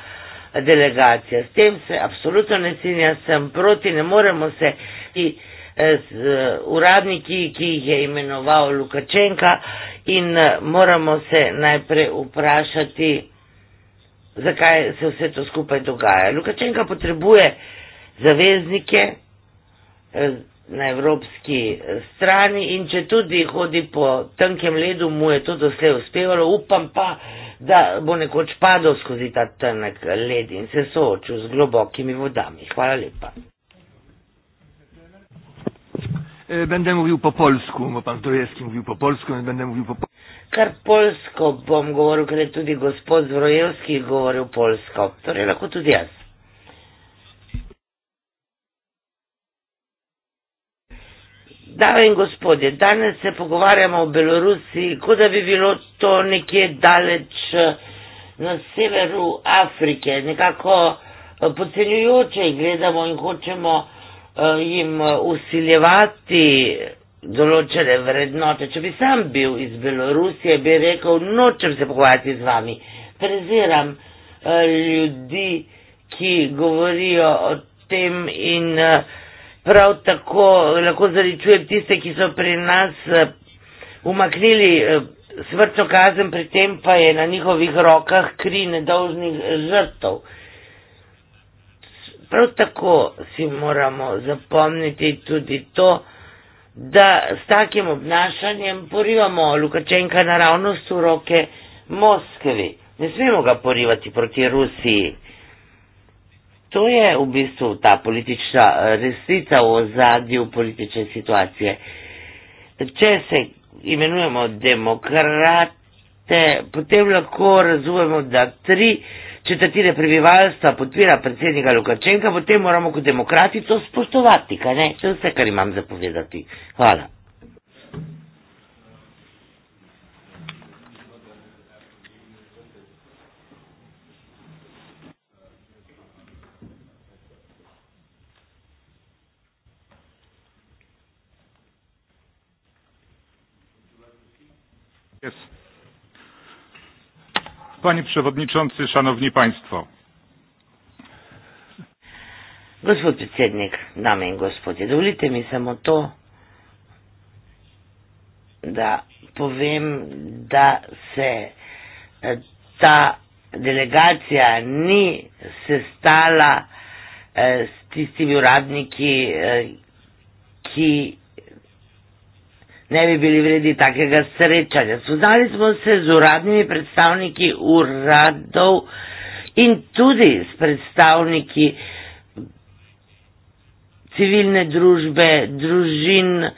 delegacija. S tem se absolutno ne sinja, sem proti, ne moremo se ti eh, z eh, uradniki, ki jih je imenoval Lukačenka in moramo se najprej vprašati, zakaj se vse to skupaj dogaja. Lukačenka potrebuje zaveznike eh, na evropski eh, strani in če tudi hodi po tankem ledu, mu je to doslej uspevalo, upam pa, da bo nekoč padel skozi ta tanek led in se soočil z globokimi vodami. Hvala lepa. E, eh, Bendem mówił po polsku, bo pan Zdrojewski mówił po polsku, Bendem mówił po polsku kar polsko bom govoril, ker je tudi gospod Zvrojevski govoril polsko, torej lahko tudi jaz. Dame in gospodje, danes se pogovarjamo o Belorusiji, kot da bi bilo to nekje daleč na severu Afrike. Nekako eh, podcenjujoče gledamo in hočemo eh, jim usiljevati eh, določene vrednote. Če bi sam bil iz Belorusije, bi rekel, nočem se pogovarjati z vami. Preziram uh, ljudi, ki govorijo o tem in uh, prav tako lahko zaričujem tiste, ki so pri nas uh, umaknili uh, smrtno kazen, pri tem pa je na njihovih rokah kri nedolžnih žrtov. Prav tako si moramo zapomniti tudi to, da s takim obnašanjem porivamo Lukačenka naravnost v roke Moskvi. Ne smemo ga porivati proti Rusiji. To je v bistvu ta politična eh, resnica v ozadju politične situacije. Če se imenujemo demokrate, potem lahko razumemo, da tri četrtine prebivalstva podpira predsednika Lukačenka, potem moramo kot demokrati to spoštovati, kaj ne? To je vse, kar imam zapovedati. Hvala. Panie Przewodniczący, Szanowni Państwo. Gospod Przewodniczący, Dame i Gospodzie, dozwólcie mi samo to, da powiem, da se eh, ta delegacja ni sestala z eh, tistimi uradniki, eh, ki ne bi bili vredi takega srečanja. Spoznali smo se z uradnimi predstavniki uradov in tudi s predstavniki civilne družbe, družin, eh,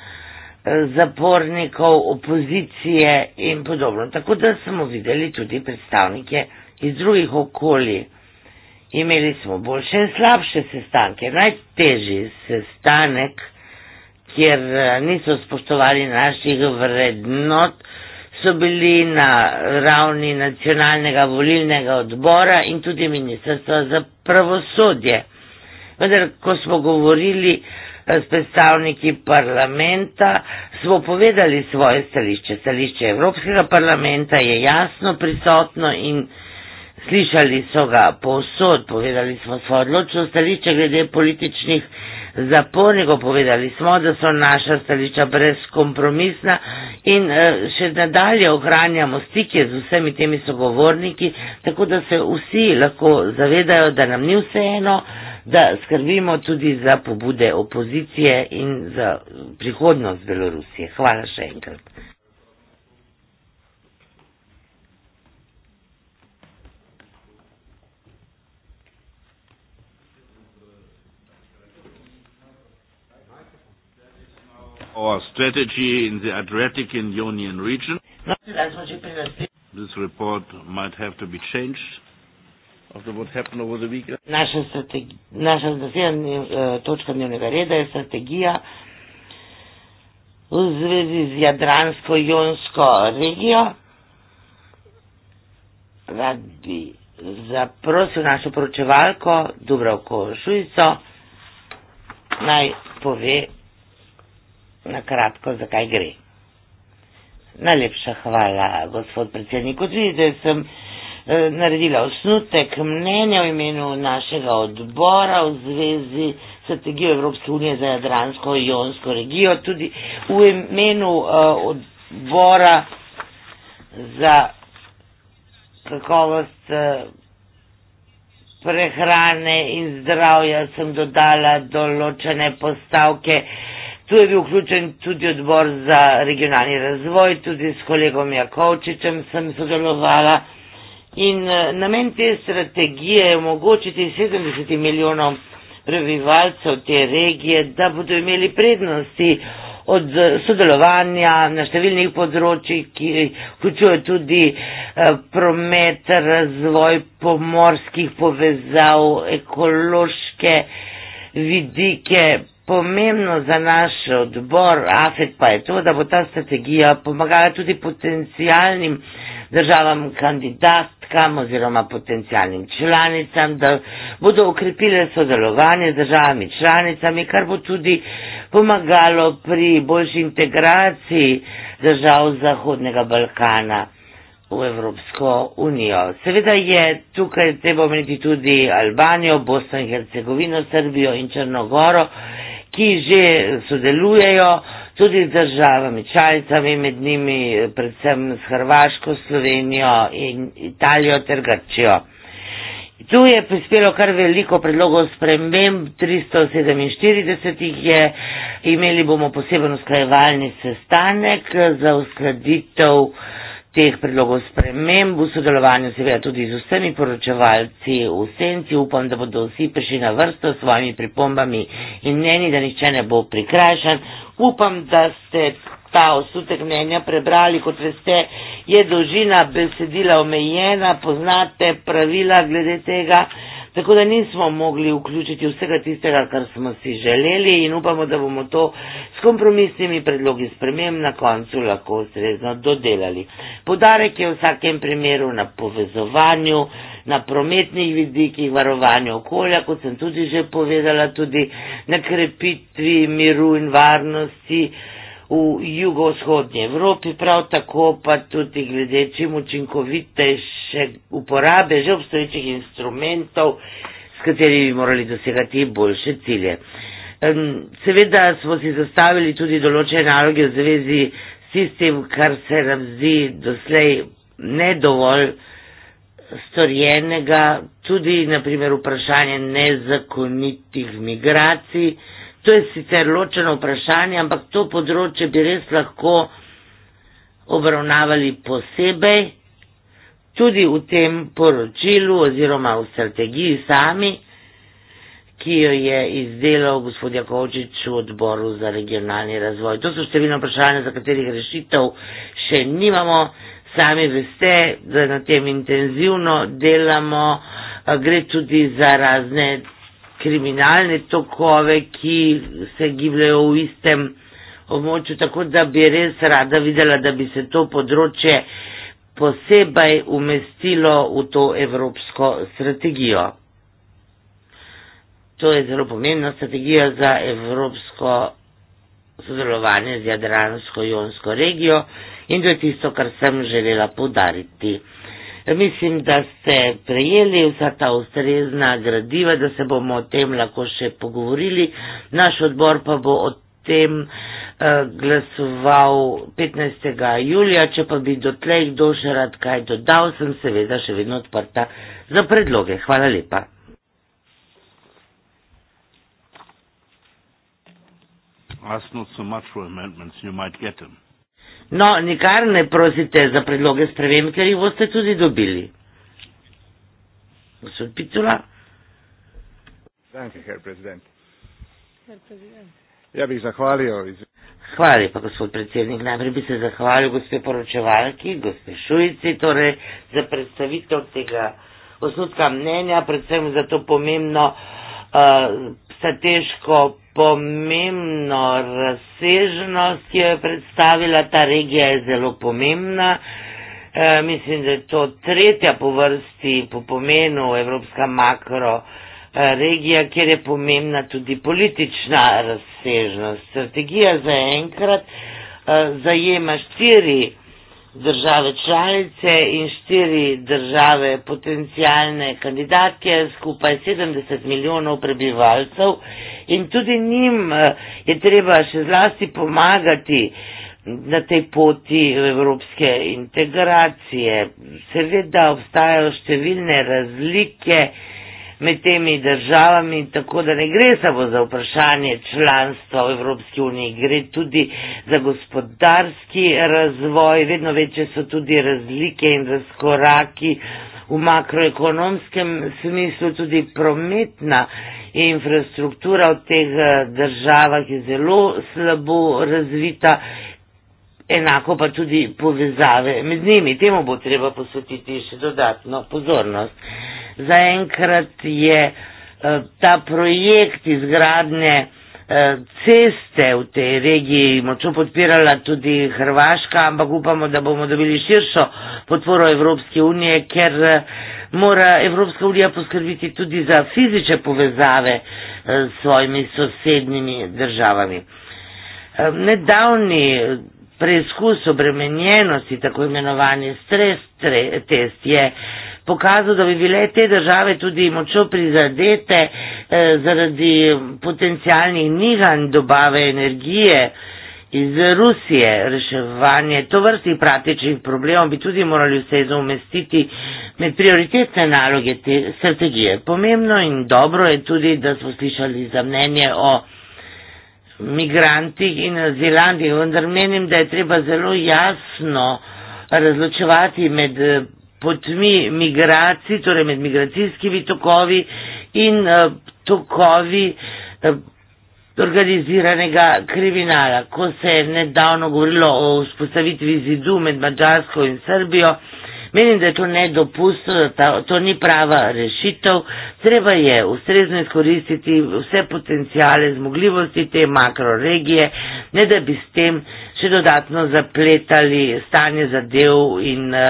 zapornikov, opozicije in podobno. Tako da smo videli tudi predstavnike iz drugih okolij. Imeli smo boljše in slabše sestanke. Najtežji sestanek ker eh, niso spoštovali naših vrednot, so bili na ravni nacionalnega volilnega odbora in tudi ministrstva za pravosodje. Vendar, ko smo govorili eh, s predstavniki parlamenta, smo povedali svoje stališče. Stališče Evropskega parlamenta je jasno prisotno in slišali so ga povsod, povedali smo svoje odločno stališče glede političnih zapornikov. Povedali smo, da so naša stališča brezkompromisna in eh, še nadalje ohranjamo stike z vsemi temi sogovorniki, tako da se vsi lahko zavedajo, da nam ni vseeno, da skrbimo tudi za pobude opozicije in za prihodnost Belorusije. Hvala še enkrat. our strategy in the Adriatic and Ionian region. No, This report might have to be changed after what happened over the weekend. Naša zadnja eh, točka dnevnega reda je strategija v zvezi z Jadransko-Jonsko regijo. Rad bi zaprosil našo poročevalko, Dubravko Šuico, naj pove na kratko, zakaj gre. Najlepša hvala, gospod predsednik. Odvidite, sem eh, naredila osnutek mnenja v imenu našega odbora v zvezi s strategijo Evropske unije za Jadransko in Jonsko regijo, tudi v imenu uh, odbora za kakovost uh, prehrane in zdravja sem dodala določene postavke uh, Tu je bil vključen tudi odbor za regionalni razvoj, tudi s kolegom Jakovčičem sem sodelovala. In eh, namen te strategije je omogočiti 70 milijonom prebivalcev te regije, da bodo imeli prednosti od eh, sodelovanja na številnih področjih, ki vključuje tudi eh, promet, razvoj pomorskih povezav, ekološke vidike, pomembno za naš odbor AFET pa je to, da bo ta strategija pomagala tudi potencijalnim državam kandidatkam oziroma potencijalnim članicam, da bodo ukrepile sodelovanje z državami članicami, kar bo tudi pomagalo pri boljši integraciji držav Zahodnega Balkana v Evropsko unijo. Seveda je tukaj treba omeniti tudi Albanijo, Bosno in Hercegovino, Srbijo in Črnogoro, ki že sodelujejo, tudi z državami članicami, med njimi eh, predvsem s Hrvaško, Slovenijo in Italijo ter Grčijo. Tu je prispelo kar veliko predlogov sprememb, 347 jih je, imeli bomo poseben usklajevalni sestanek eh, za uskladitev teh predlogov sprememb v sodelovanju seveda tudi z vsemi poročevalci v senci. Upam, da bodo vsi prišli na vrsto s svojimi pripombami in mneni, da nišče ne bo prikrajšan. Upam, da ste ta osutek mnenja prebrali, kot veste, je dolžina besedila omejena, poznate pravila glede tega tako da nismo mogli vključiti vsega tistega, kar smo si želeli in upamo, da bomo to s kompromisnimi predlogi spremem na koncu lahko ustrezno dodelali. Podarek je v vsakem primeru na povezovanju, na prometnih vidikih, varovanju okolja, kot sem tudi že povedala, tudi na krepitvi miru in varnosti v jugovzhodnji Evropi, prav tako pa tudi glede čim učinkovitejši še uporabe že obstoječih instrumentov, s katerimi bi morali dosegati boljše cilje. Seveda smo si zastavili tudi določene naloge v zvezi s tistim, kar se nam zdi doslej nedovolj storjenega, tudi naprimer vprašanje nezakonitih migracij. To je sicer ločeno vprašanje, ampak to področje bi res lahko obravnavali posebej tudi v tem poročilu oziroma v strategiji sami, ki jo je izdelal gospod Jakovčič v odboru za regionalni razvoj. To so številne vprašanja, za katerih rešitev še nimamo. Sami veste, da na tem intenzivno delamo, gre tudi za razne kriminalne tokove, ki se gibljajo v istem območju, tako da bi res rada videla, da bi se to področje uh, posebej umestilo v to evropsko strategijo. To je zelo pomembna strategija za evropsko sodelovanje z Jadransko-Jonsko regijo in to je tisto, kar sem želela podariti. Mislim, da ste prejeli vsa ta ustrezna gradiva, da se bomo o tem lahko še pogovorili. Naš odbor pa bo o potem eh, glasoval 15. julija, če pa bi dotlej kdo še rad kaj dodal, sem seveda še vedno odprta za predloge. Hvala lepa. No, nikar ne prosite za predloge s prevem, ker jih boste tudi dobili. Gospod Picula. Danke, herr Präsident. Herr Präsident. Ja bih zahvalio. Iz... Hvala lepa, gospod predsednik. Najprej bi se zahvalil gospe poročevalki, gospe Šujci, torej za predstavitev tega osnutka mnenja, predvsem za to pomembno, uh, strateško pomembno razsežnost, ki jo je predstavila. Ta regija je zelo pomembna. Uh, mislim, da je to tretja po vrsti, po pomenu, evropska makro uh, Eh, regija, kjer je pomembna tudi politična razsežnost. Strategija za enkrat eh, zajema štiri države članice in štiri države potencijalne kandidatke, skupaj 70 milijonov prebivalcev in tudi njim eh, je treba še zlasti pomagati na tej poti evropske integracije. Seveda obstajajo številne razlike, med temi državami, tako da ne gre samo za vprašanje članstva v Evropski uniji, gre tudi za gospodarski razvoj, vedno večje so tudi razlike in razkoraki v makroekonomskem smislu, tudi prometna infrastruktura v teh eh, državah je zelo slabo razvita, enako pa tudi povezave med njimi. Temu bo treba posvetiti še dodatno pozornost. Zaenkrat je eh, ta projekt izgradnje eh, ceste v tej regiji močno podpirala tudi Hrvaška, ampak upamo, da bomo dobili širšo podporo Evropske unije, ker eh, mora Evropska unija poskrbiti tudi za fizične povezave s svojimi sosednjimi državami. Nedavni preizkus obremenjenosti, tako imenovani stres tre, test, je pokazal, da bi bile te države tudi močno prizadete eh, zaradi potencijalnih nihanj dobave energije iz Rusije. Reševanje to vrstih praktičnih problemov bi tudi morali vse izumestiti med prioritetne naloge te strategije. Pomembno in dobro je tudi, da smo slišali za mnenje o migranti in azilanti, vendar menim, da je treba zelo jasno razločevati med eh, potmi migracij, torej med migracijskimi tokovi in eh, tokovi eh, organiziranega kriminala. Ko se je nedavno govorilo o vzpostavitvi zidu med Mačarsko in Srbijo, Menim, da je to nedopustno, da ta, to ni prava rešitev. Treba je ustrezno izkoristiti vse potencijale, zmogljivosti te makroregije, ne da bi s tem še dodatno zapletali stanje zadev in eh,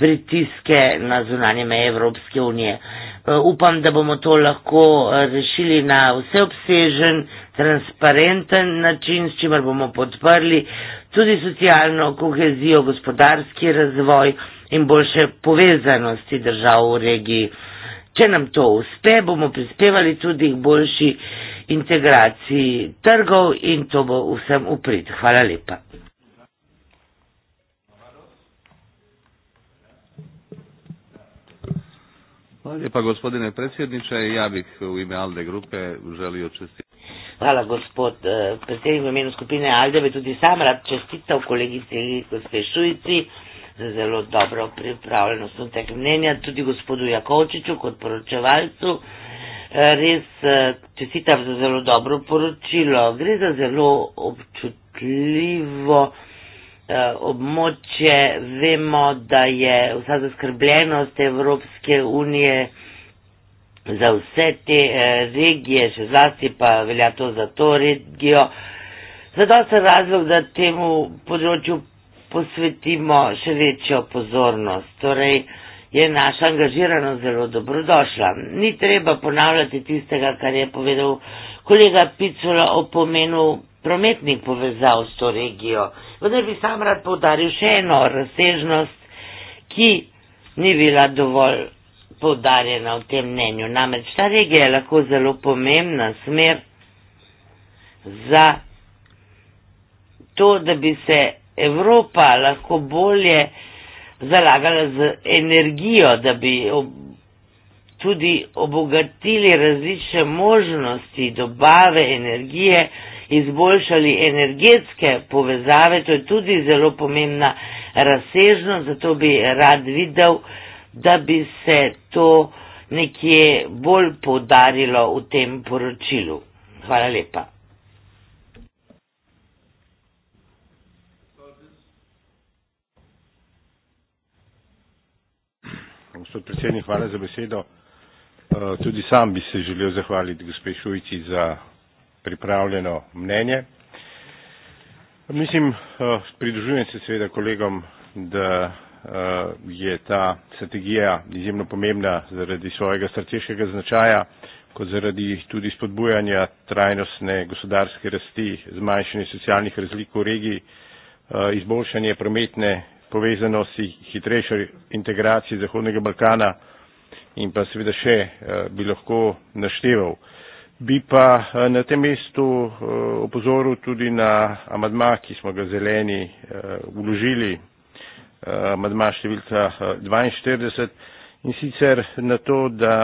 pritiske na zunanje meje Evropske unije. Eh, upam, da bomo to lahko eh, rešili na vseobsežen, transparenten način, s čimer bomo podprli tudi socialno kohezijo, gospodarski razvoj, in boljše povezanosti držav v regiji. Če nam to uspe, bomo prispevali tudi k boljši integraciji trgov in to bo vsem uprit. Hvala lepa. Hvala lepa, gospodine predsjedniče. Ja bih u ime Alde grupe želio čestiti. Hvala, gospod eh, predsjednik v imenu skupine Aldeve. Tudi sam rad čestitao kolegici i gospe Šujici za zelo dobro pripravljenost na tek mnenja, tudi gospodu Jakovčiču kot poročevalcu. Eh, res eh, čestitam za zelo dobro poročilo. Gre za zelo občutljivo eh, območje. Vemo, da je vsa zaskrbljenost Evropske unije za vse te regije, še zlasti pa velja to za to regijo. Zato se razlog, da temu področju posvetimo še večjo pozornost. Torej, je naša angažiranost zelo dobrodošla. Ni treba ponavljati tistega, kar je povedal kolega Picula o pomenu prometnih povezav s to regijo. Vendar bi sam rad povdaril še eno razsežnost, ki ni bila dovolj povdarjena v tem mnenju. Namreč ta regija je lahko zelo pomembna smer za to, da bi se Evropa lahko bolje zalagala z energijo, da bi ob, tudi obogatili različne možnosti dobave energije, izboljšali energetske povezave, to je tudi zelo pomembna razsežnost, zato bi rad videl, da bi se to nekje bolj podarilo v tem poročilu. Hvala lepa. Gospod predsednik, hvala za besedo. Eh, tudi sam bi se želel zahvaliti gospe Šujci za pripravljeno mnenje. Mislim, eh, pridružujem se seveda kolegom, da eh, je ta strategija izjemno pomembna zaradi svojega strateškega značaja, kot zaradi tudi spodbujanja trajnostne gospodarske rasti, zmanjšanje socialnih razlik v regiji, izboljšanje prometne povezanosti, hitrejšoj integraciji Zahodnega Balkana in pa seveda še eh, bi lahko našteval. Bi pa eh, na tem mestu eh, opozoril tudi na amadma, ki smo ga zeleni uložili, amadma številka 42 in sicer na to, da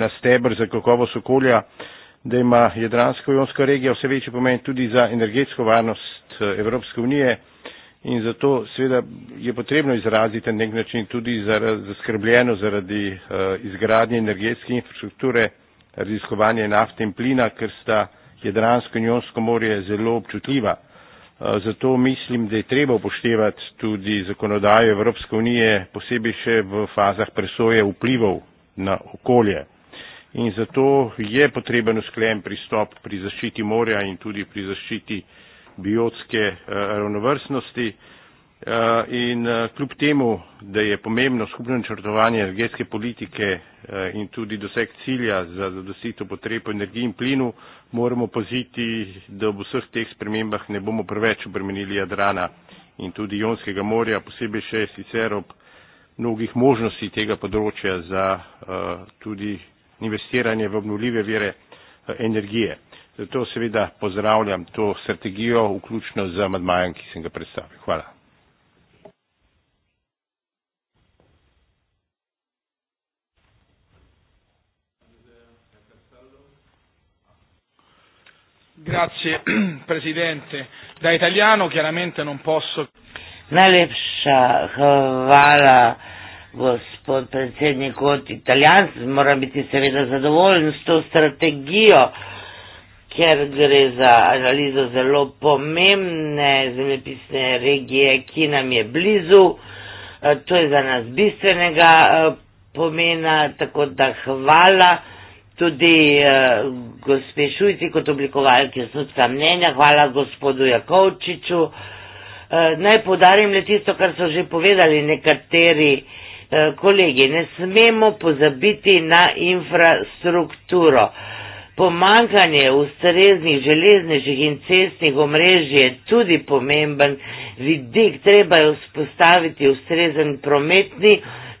na stebr za kakovost okolja, da ima Jadransko-Jonska regija vse večji pomen tudi za energetsko varnost Evropske unije in zato seveda je potrebno izraziti na nek način tudi zaskrbljeno zaradi eh, izgradnje energetske infrastrukture, raziskovanje nafte in plina, ker sta Jadransko in Jonsko morje zelo občutljiva. Eh, zato mislim, da je treba upoštevati tudi zakonodajo Evropske unije, posebej še v fazah presoje vplivov na okolje. In zato je potreben usklen pristop pri zaščiti morja in tudi pri zaščiti uh, biotske eh, ravnovrstnosti eh, in eh, kljub temu, da je pomembno skupno načrtovanje energetske politike in tudi doseg cilja za zadostitev potreb po energiji in plinu, moramo paziti, da v vseh teh spremembah ne bomo preveč obremenili Jadrana in tudi Jonskega morja, posebej še sicer ob mnogih možnosti tega področja za tudi investiranje v obnovljive vire energije. Zato seveda pozdravljam to strategijo, vključno z amadmajem, ki sem ga predstavil. Hvala. Grazie, presidente. Da italiano chiaramente non posso. Najlepša hvala, gospod predsednik, kot italijan. Moram biti seveda zadovoljen s to strategijo ker gre za analizo zelo pomembne zemljepisne regije, ki nam je blizu. Eh, to je za nas bistvenega eh, pomena, tako da hvala tudi eh, gospe Šujci kot oblikovalki osnutka mnenja, hvala gospodu Jakovčiču. Naj podarim le tisto, kar so že povedali nekateri kolegi. Ne smemo pozabiti na infrastrukturo. Pomankanje ustreznih železniških in cestnih omrežij je tudi pomemben vidik, treba je vzpostaviti ustrezen prometni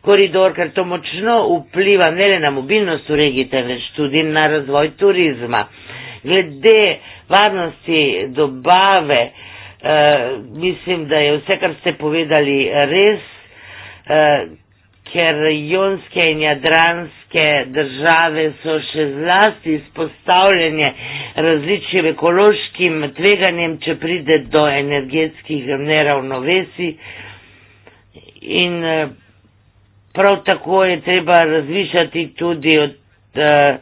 koridor, ker to močno vpliva ne le na mobilnost v regiji, temveč tudi na razvoj turizma. Glede varnosti dobave, eh, mislim, da je vse, kar ste povedali, res. Eh, ker jonske in jadranske države so še zlasti izpostavljene različnim ekološkim tveganjem, če pride do energetskih neravnovesij. In eh, prav tako je treba razmišljati tudi o eh,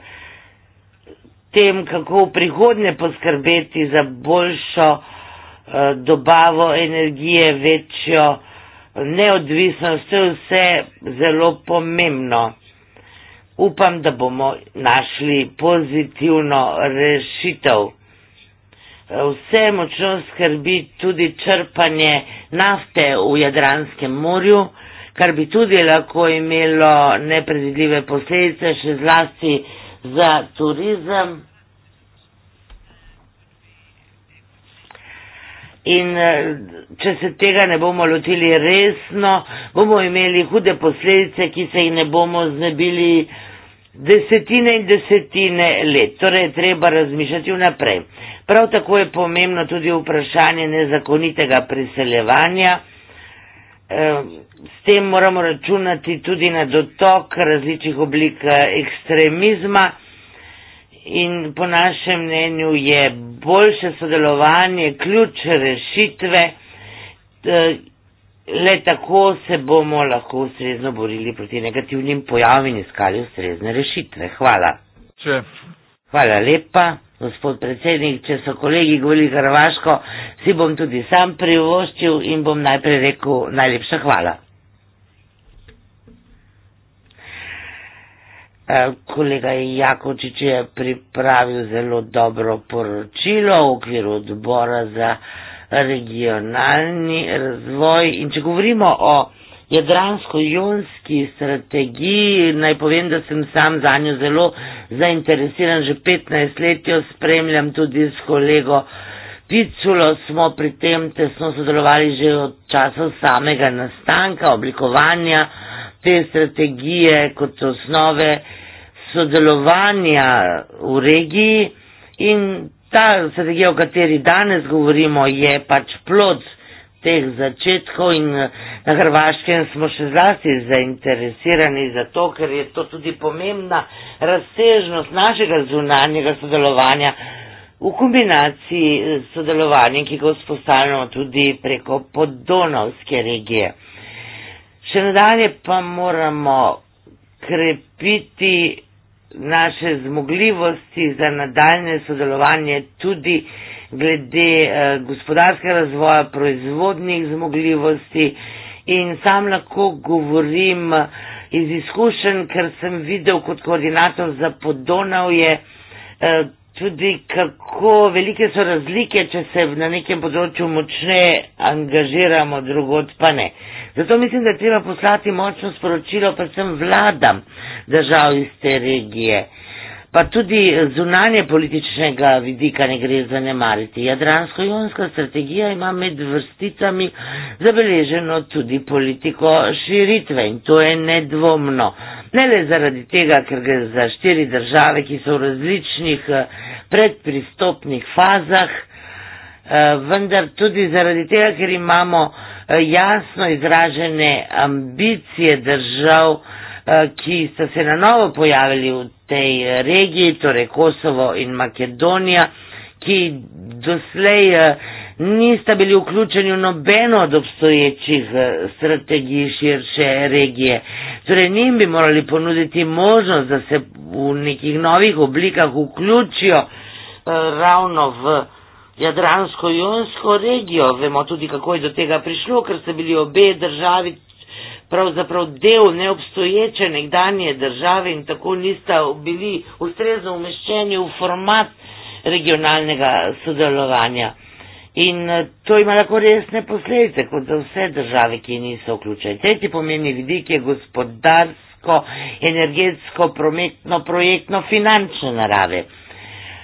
tem, kako v prihodnje poskrbeti za boljšo eh, dobavo energije, večjo neodvisnost, to je vse zelo pomembno. Upam, da bomo našli pozitivno rešitev. Vse močno skrbi tudi črpanje nafte v Jadranskem morju, kar bi tudi lahko imelo nepredvidljive posledice, še zlasti za turizem. In eh, če se tega ne bomo lotili resno, bomo imeli hude posledice, ki se jih ne bomo znebili desetine in desetine let. Torej, treba razmišljati vnaprej. Prav tako je pomembno tudi vprašanje nezakonitega priseljevanja. Eh, s tem moramo računati tudi na dotok različnih oblik eh, ekstremizma. In po našem mnenju je boljše sodelovanje ključ rešitve, eh, le tako se bomo lahko ustrezno borili proti negativnim pojavim in iskali ustrezne rešitve. Hvala. Če. Hvala lepa, gospod predsednik. Če so kolegi govorili hrvaško, si bom tudi sam privoščil in bom najprej rekel najlepša hvala. Eh, kolega Jakočič je pripravil zelo dobro poročilo v okviru odbora za regionalni razvoj. In če govorimo o jadransko-jonski strategiji, naj povem, da sem sam za njo zelo zainteresiran. Že 15 let jo spremljam tudi s kolego Piculo. Smo pri tem tesno sodelovali že od časa samega nastanka, oblikovanja te strategije kot osnove sodelovanja v regiji in ta strategija, o kateri danes govorimo, je pač plod teh začetkov in na Hrvaškem smo še zlasti zainteresirani za to, ker je to tudi pomembna razsežnost našega zunanjega sodelovanja v kombinaciji s sodelovanjem, ki ga vzpostavljamo tudi preko podonovske regije. Še nadalje pa moramo krepiti naše zmogljivosti za nadaljne sodelovanje tudi glede eh, gospodarskega razvoja, proizvodnih zmogljivosti in sam lahko govorim iz izkušenj, ker sem videl kot koordinator za Podonavje eh, tudi kako velike so razlike, če se na nekem področju močne angažiramo, drugot pa ne. Zato mislim, da treba poslati močno sporočilo predvsem vladam držav iz te regije pa tudi zunanje političnega vidika ne gre zanemariti. Jadransko-jonska strategija ima med vrsticami zabeleženo tudi politiko širitve in to je nedvomno. Ne le zaradi tega, ker gre za štiri države, ki so v različnih eh, predpristopnih fazah, eh, vendar tudi zaradi tega, ker imamo eh, jasno izražene ambicije držav, Eh, ki sta se na novo pojavili v tej regiji, torej Kosovo in Makedonija, ki doslej eh, nista bili vključeni v nobeno od obstoječih eh, strategij širše regije. Torej njim bi morali ponuditi možnost, da se v nekih novih oblikah vključijo ravno v Jadransko-Jonsko regijo. Vemo tudi, kako je do tega prišlo, ker so bili obe državi pravzaprav del neobstoječe nekdanje države in tako nista bili ustrezno umeščeni v format regionalnega sodelovanja. In eh, to ima lahko resne posledice, kot za vse države, ki niso vključene. Tretji pomeni vidik je gospodarsko, energetsko, prometno, projektno, finančne narave.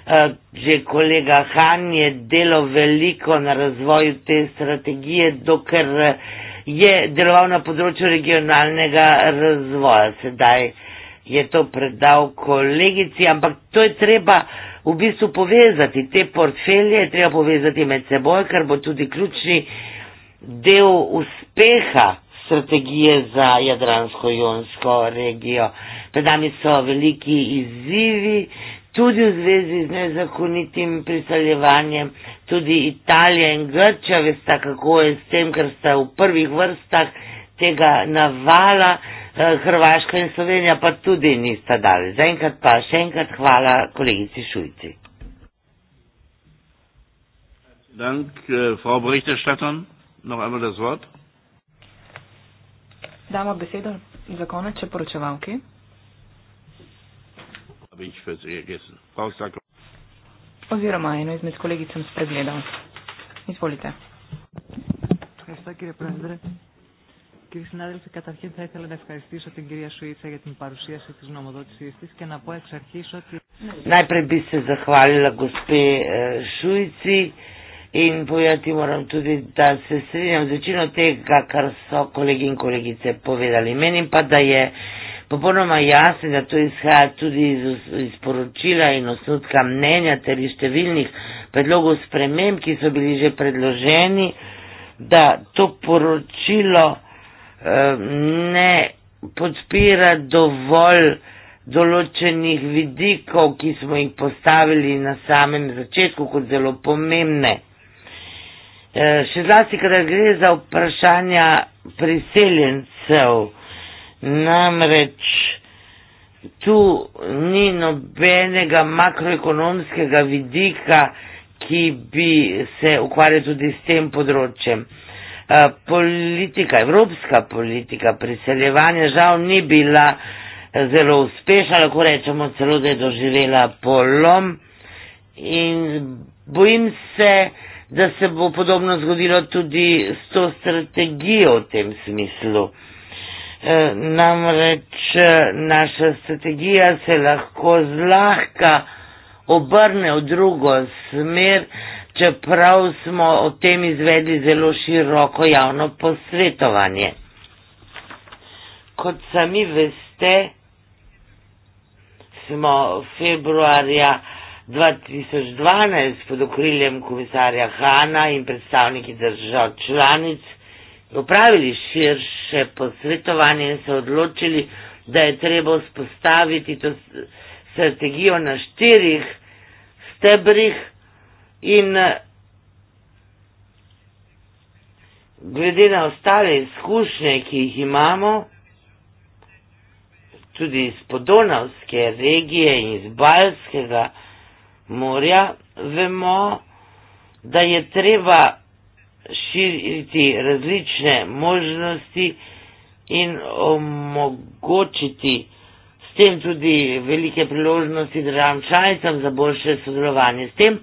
Eh, že kolega Han je delal veliko na razvoju te strategije, dokler eh, je deloval na področju regionalnega razvoja. Sedaj je to predal kolegici, ampak to je treba v bistvu povezati. Te portfelje je treba povezati med seboj, ker bo tudi ključni del uspeha strategije za Jadransko-Jonsko regijo. Pred nami so veliki izzivi, tudi v zvezi z nezakonitim priseljevanjem, tudi Italija in Grčija, veste, kako je s tem, ker ste v prvih vrstah tega navala, eh, Hrvaška in Slovenija pa tudi nista dali. Zaenkrat pa še enkrat hvala kolegici Šujci. Dank, eh, Frau Berichterstatterin, noch einmal das Wort. Damo besedo za konec poročevalki. Habe ich vergessen. Frau Sakon oziroma eno izmed kolegic sem spregledal. Izvolite. Κύριε συνάδελφε, καταρχήν θα ήθελα να ευχαριστήσω την κυρία Σουίτσα για την παρουσίαση της νομοδότησής της και να πω εξ αρχής ότι... Ναι, πρέπει σε ζαχβάλλα κουσπή Σουίτσι, ειν που για τη μωρά μου τούτη τα σεστρίνια μου δεκίνω τέγκα καρσό κολεγίν κολεγίτσε που βίδαλη. Μένει πάντα γε... Ε... Popolnoma jasno, da to izhaja tudi iz, iz poročila in osnutka mnenja ter iz številnih predlogov sprememb, ki so bili že predloženi, da to poročilo eh, ne podpira dovolj določenih vidikov, ki smo jih postavili na samem začetku kot zelo pomembne. Eh, še zlasti, kada gre za vprašanja priseljencev. Namreč tu ni nobenega makroekonomskega vidika, ki bi se ukvarjal tudi s tem področjem. Politika, evropska politika priseljevanja žal ni bila zelo uspešna, lahko rečemo celo, da je doživela polom in bojim se, da se bo podobno zgodilo tudi s to strategijo v tem smislu. E, namreč e, naša strategija se lahko zlahka obrne v drugo smer, čeprav smo o tem izvedli zelo široko javno posvetovanje. Kot sami veste, smo februarja 2012 pod okriljem komisarja Hana in predstavniki držav članic opravili širše posvetovanje in se odločili, da je treba vzpostaviti to strategijo na štirih stebrih in glede na ostale izkušnje, ki jih imamo, tudi iz Podonavske regije in iz Balskega morja, vemo, da je treba širiti različne možnosti in omogočiti s tem tudi velike priložnosti državam članicam za boljše sodelovanje. S tem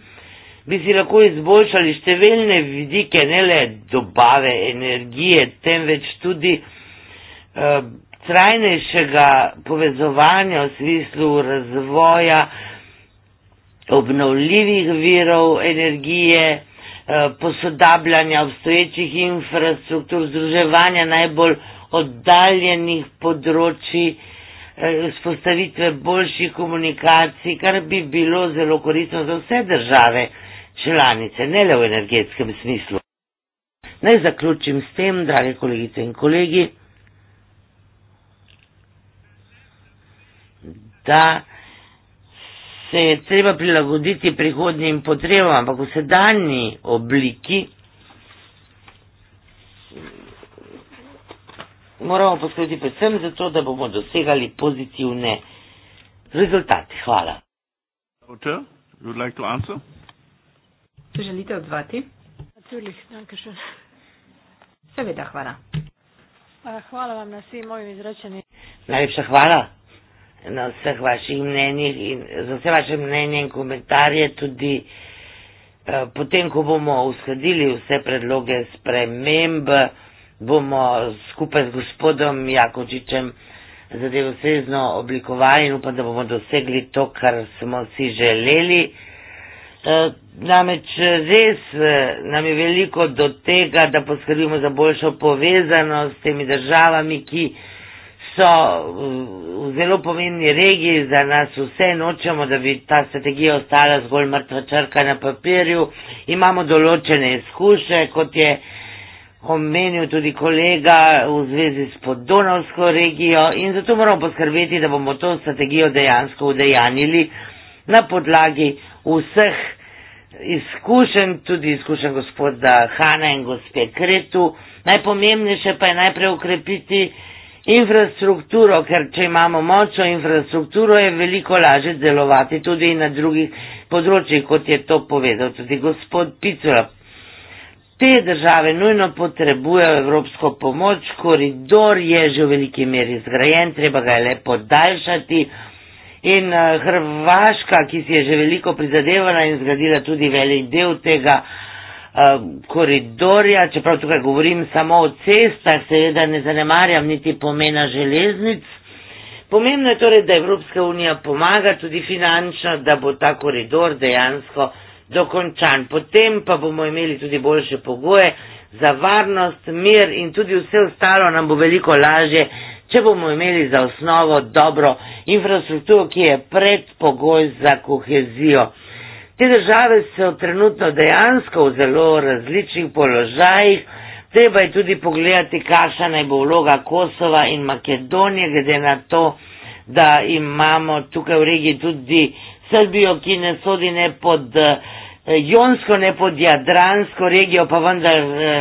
bi si lahko izboljšali številne vidike, ne le dobave energije, temveč tudi eh, trajnejšega povezovanja v smislu razvoja obnovljivih virov energije, Eh, posodabljanja obstoječih infrastruktur, združevanja najbolj oddaljenih področji, spostavitve eh, boljših komunikacij, kar bi bilo zelo koristno za vse države članice, ne le v energetskem smislu. Naj zaključim s tem, drage kolegice in kolegi, da se je treba prilagoditi prihodnjim potrebam, ampak v sedanji obliki moramo poskrbeti predvsem za to, da bomo dosegali pozitivne rezultate. Hvala. Če želite odzvati? Seveda, hvala. Hvala vam na vsi moji izrečeni. Najlepša hvala na vseh vaših mnenjih in za vse vaše mnenje in komentarje tudi eh, potem, ko bomo uskladili vse predloge sprememb, bomo skupaj z gospodom Jakočičem zadevo sezno oblikovali in upam, da bomo dosegli to, kar smo si želeli. Eh, namreč res eh, nam je veliko do tega, da poskrbimo za boljšo povezanost s temi državami, ki so mm, zelo pomembni regiji za nas vse, nočemo, da bi ta strategija ostala zgolj mrtva črka na papirju. Imamo določene izkušnje, kot je omenil tudi kolega v zvezi s podonovsko regijo in zato moramo poskrbeti, da bomo to strategijo dejansko udejanili na podlagi vseh izkušen, tudi izkušen gospod Hana in gospe Kretu. Najpomembnejše pa je najprej ukrepiti infrastrukturo, ker če imamo močno infrastrukturo, je veliko lažje delovati tudi na drugih področjih, kot je to povedal tudi gospod Picula. Te države nujno potrebujejo evropsko pomoč, koridor je že v veliki meri zgrajen, treba ga je le podaljšati. In eh, Hrvaška, ki si je že veliko prizadevala in zgradila tudi velik del tega, Eh, koridorja, čeprav tukaj govorim samo o cestah, seveda ne zanemarjam niti pomena železnic. Pomembno je torej, da Evropska unija pomaga tudi finančno, da bo ta koridor dejansko dokončan. Potem pa bomo imeli tudi boljše pogoje za varnost, mir in tudi vse ostalo nam bo veliko lažje, če bomo imeli za osnovo dobro infrastrukturo, ki je predpogoj za kohezijo. Te države so trenutno dejansko v zelo različnih položajih, treba je tudi pogledati, kakšna naj bo vloga Kosova in Makedonije, glede na to, da imamo tukaj v regiji tudi Srbijo, ki ne sodi ne pod eh, Jonsko, ne pod Jadransko regijo, pa vendar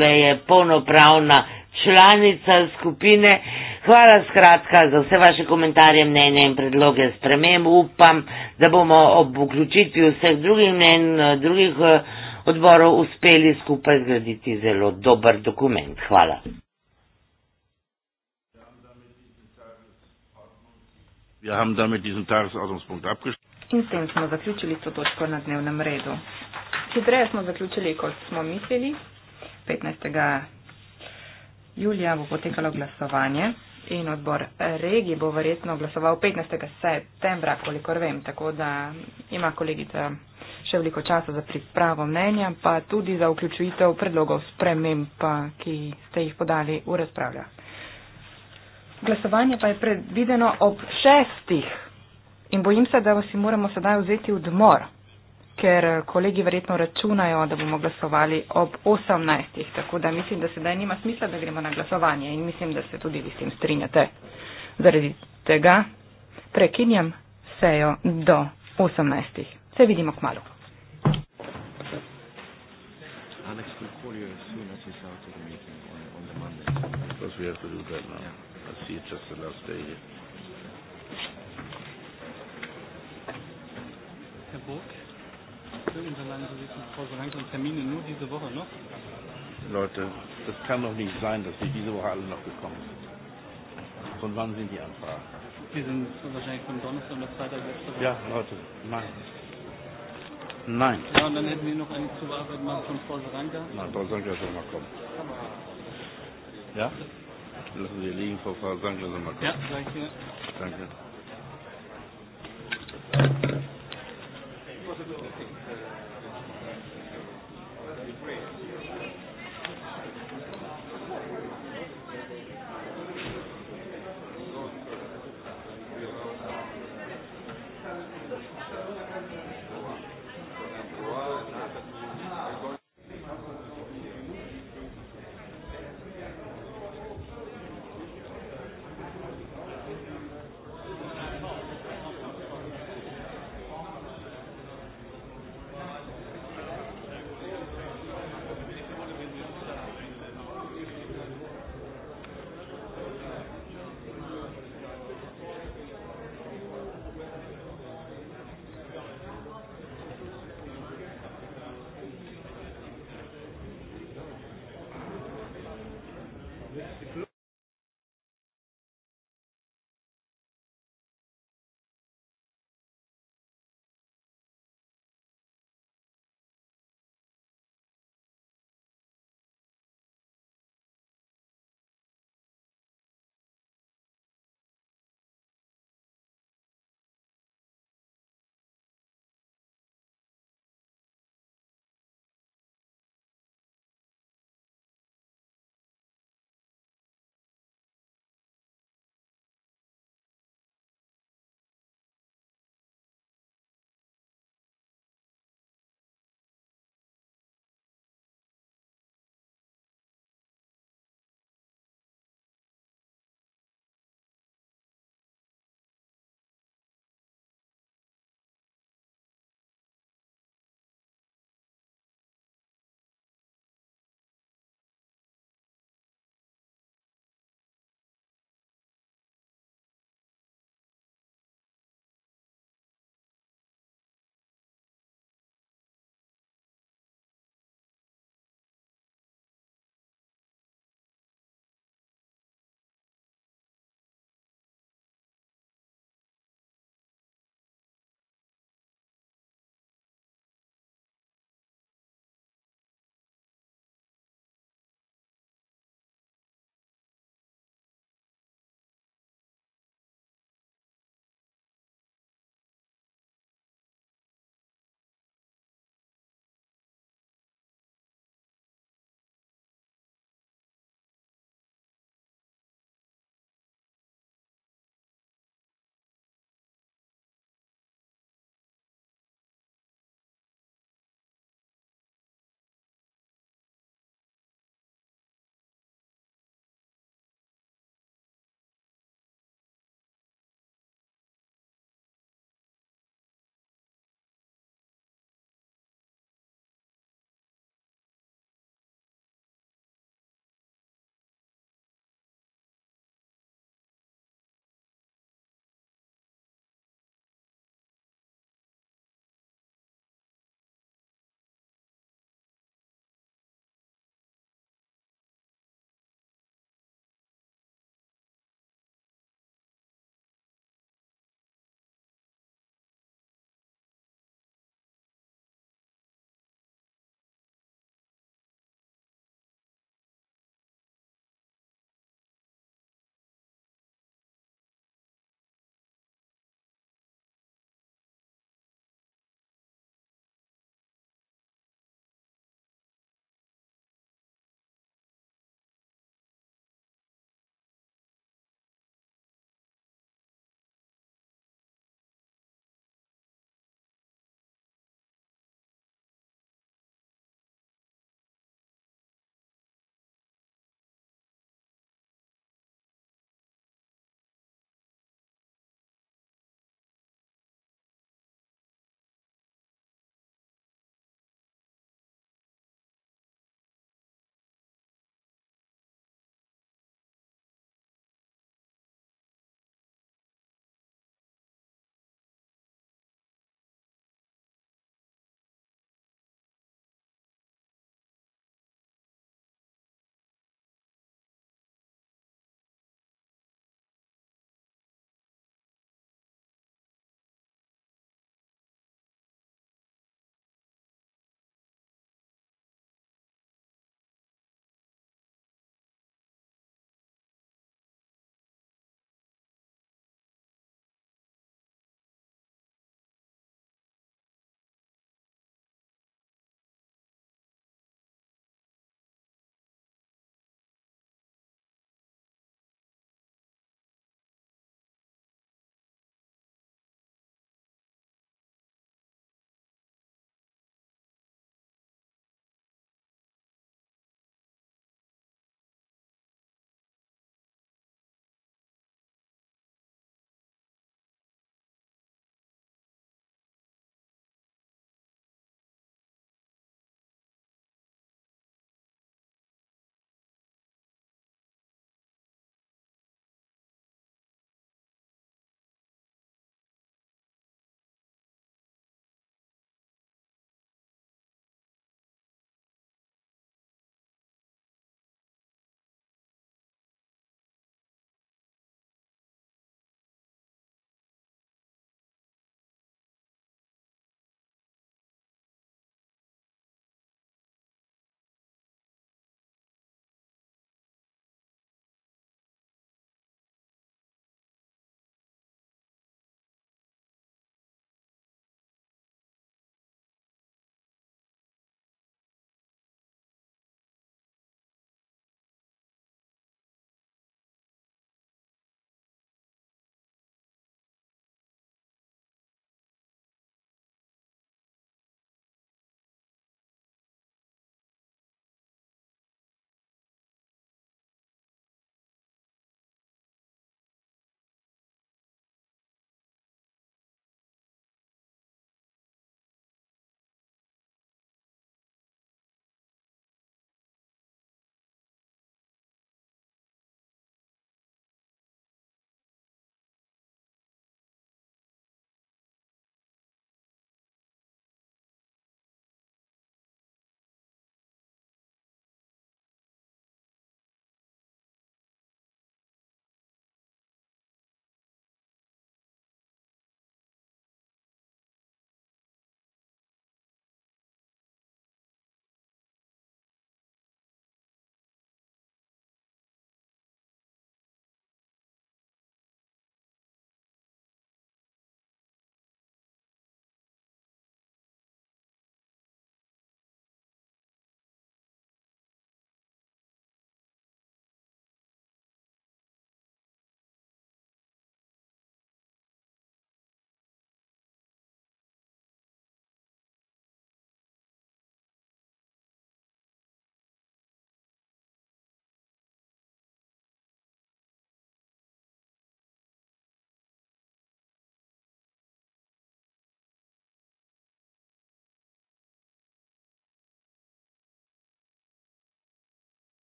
le je polnopravna članica skupine. Hvala skratka za vse vaše komentarje, mnenje in predloge sprememb. Upam, da bomo ob vključitvi vseh drugih mnen, drugih eh, odborov uspeli skupaj zgraditi zelo dober dokument. Hvala. In s tem smo zaključili to točko na dnevnem redu. Hitreje smo zaključili, kot smo mislili. 15 julija bo potekalo glasovanje in odbor regij bo verjetno glasoval 15. septembra, kolikor vem, tako da ima kolegica še veliko časa za pripravo mnenja, pa tudi za vključitev predlogov sprememb, ki ste jih podali v razpravlja. Glasovanje pa je predvideno ob šestih in bojim se, da si moramo sedaj vzeti odmor ker eh, kolegi verjetno računajo, da bomo glasovali ob 18. Tako da mislim, da sedaj nima smisla, da gremo na glasovanje in mislim, da se tudi vi s tem strinjate. Zaradi tega prekinjam sejo do 18. Se vidimo k malu. book. Termine nur diese Woche noch? Leute, das kann doch nicht sein, dass die diese Woche alle noch gekommen sind. Von wann sind die Anfragen? Die sind wahrscheinlich von Donnerstag und Freitag letzte Woche. Ja, Leute, nein. Nein. Ja, und dann hätten wir noch eine Zuarbeit machen von Frau Saranka. Nein, Frau Saranka soll mal kommen. Ja? Lassen Sie liegen, Frau Saranka soll mal kommen. Ja, gleich hier. Danke. Danke. Grazie.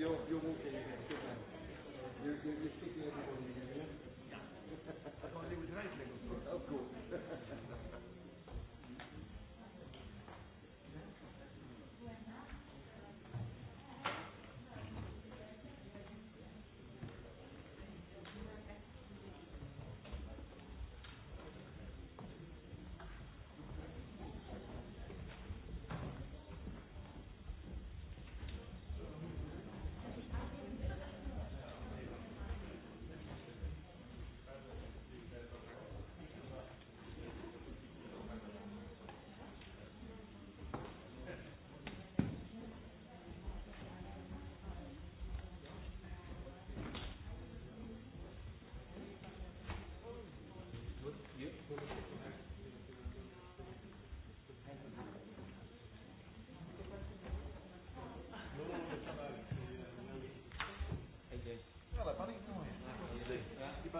jo, jo muss ich nicht mehr. Wir schicken jetzt noch ein Video. Ja. Das war ein Lebensreich, Lego. Auch gut.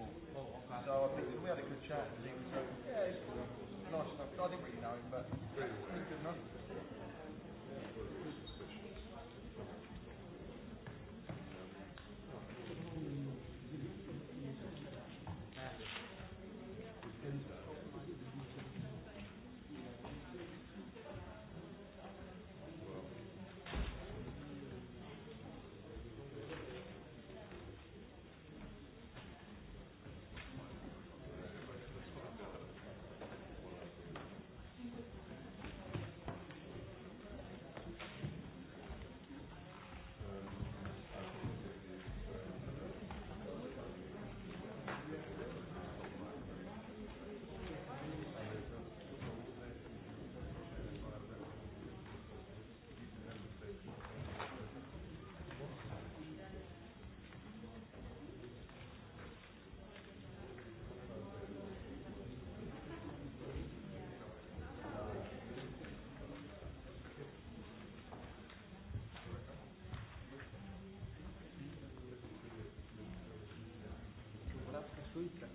Liverpool. So I think we had a good chat. Yeah, it's cool. Nice. I think we. tujca.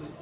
Thank you.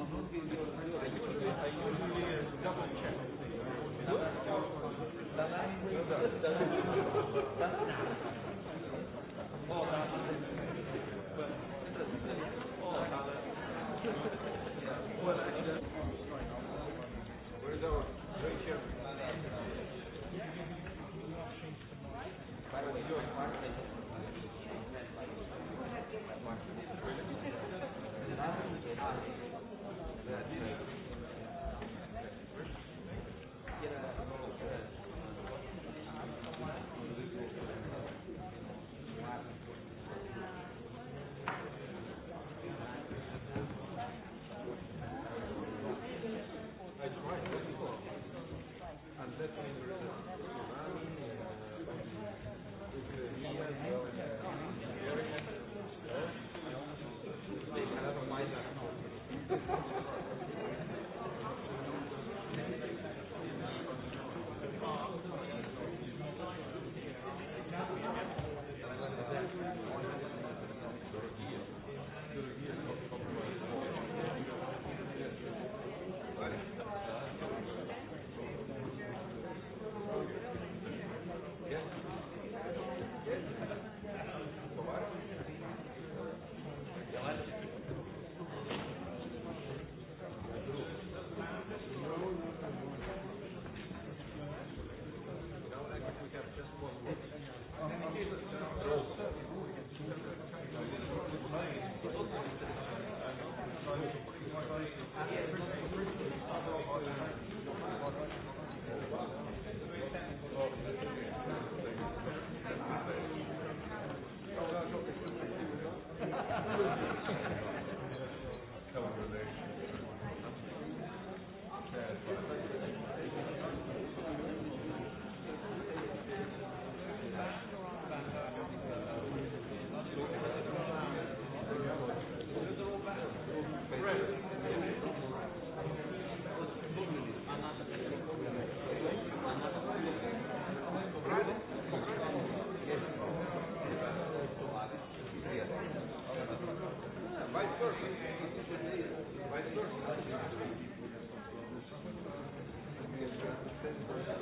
Gracias.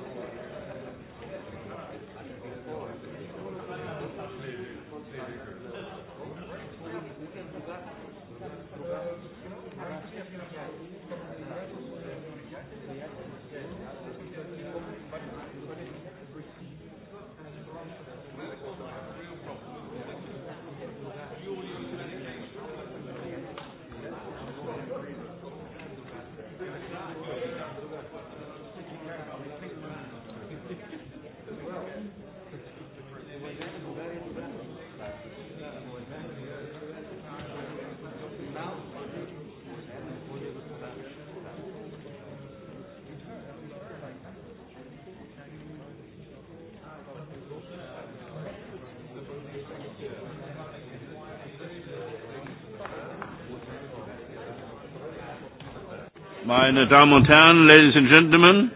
Meine Damen und Herren, Ladies and Gentlemen.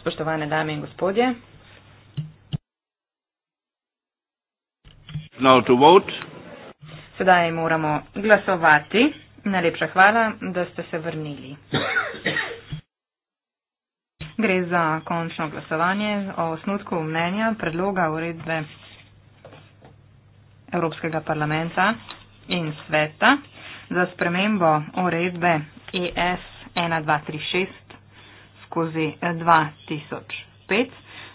Spoštovane dame in gospodje. Now to vote. Sedaj moramo glasovati. Najlepša hvala, da ste se vrnili. Gre za končno glasovanje o osnutku mnenja predloga uredbe Evropskega parlamenta in sveta za spremembo uredbe ES 2007-2. 1236 skozi 2005 eh,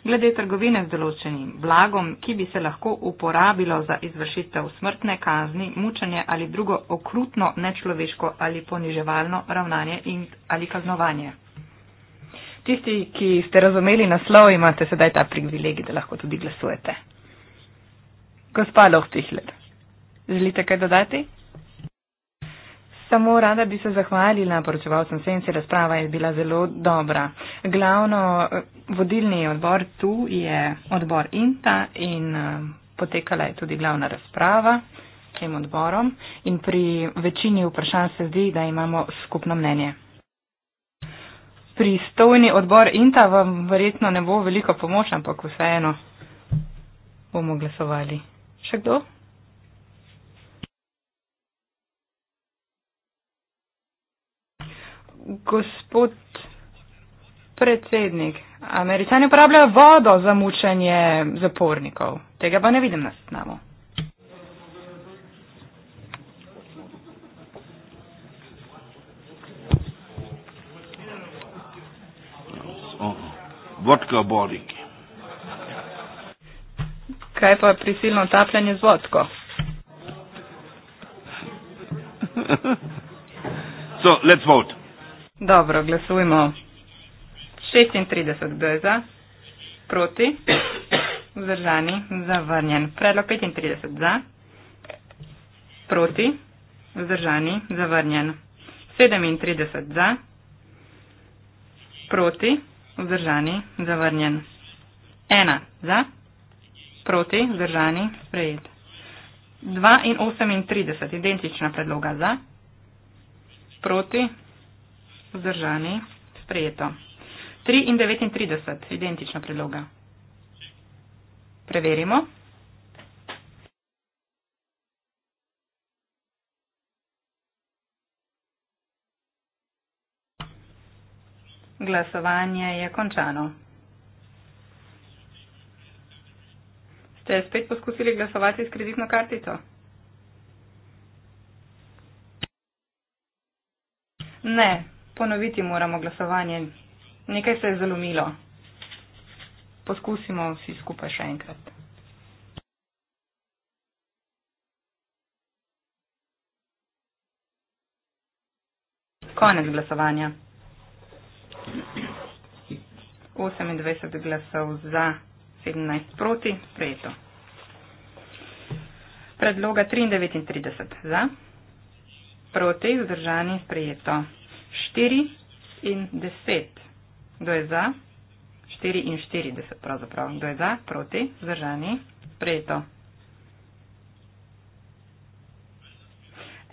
glede trgovine z določenim blagom, ki bi se lahko uporabilo za izvršitev smrtne kazni, mučenje ali drugo okrutno, nečloveško ali poniževalno ravnanje in, ali kaznovanje. Tisti, ki ste razumeli naslov, imate sedaj ta privilegij, da lahko tudi glasujete. Gospa Lohtihlet, želite kaj dodati? samo rada bi se zahvalila poročevalcem Senci, razprava je bila zelo dobra. Glavno eh, vodilni odbor tu je odbor INTA in eh, potekala je tudi glavna razprava tem odborom in pri večini vprašanj se zdi, da imamo skupno mnenje. Pristojni odbor INTA vam verjetno ne bo veliko pomoč, ampak vseeno bomo glasovali. Še kdo? Gospod predsednik, američani uporabljajo vodo za mučenje zapornikov. Tega pa ne vidim na snemu. Uh-huh. Vodka boriki. Kaj pa prisilno tapljanje z vodko? so, let's vote. Dobro, glasujmo. 36 glasov za, proti, vzdržani, zavrnjen. Predlog 35 za, proti, vzdržani, zavrnjen. 37 za, proti, vzdržani, zavrnjen. 1 za, proti, vzdržani, sprejet. 2 in 38, identična predloga za, proti, Vzdržani. Sprejeto. 3 in 39. Identična predloga. Preverimo. Glasovanje je končano. Ste spet poskusili glasovati s kreditno kartico? Ne, ponoviti moramo glasovanje. Nekaj se je zalomilo. Poskusimo vsi skupaj še enkrat. Konec glasovanja. 28 glasov za, 17 proti, sprejeto. Predloga 39 za, proti, zdržani, sprejeto. 4 in 10. Kdo je za? 4 in 40 pravzaprav. Kdo je za? Proti? Zdržani? Prejeto.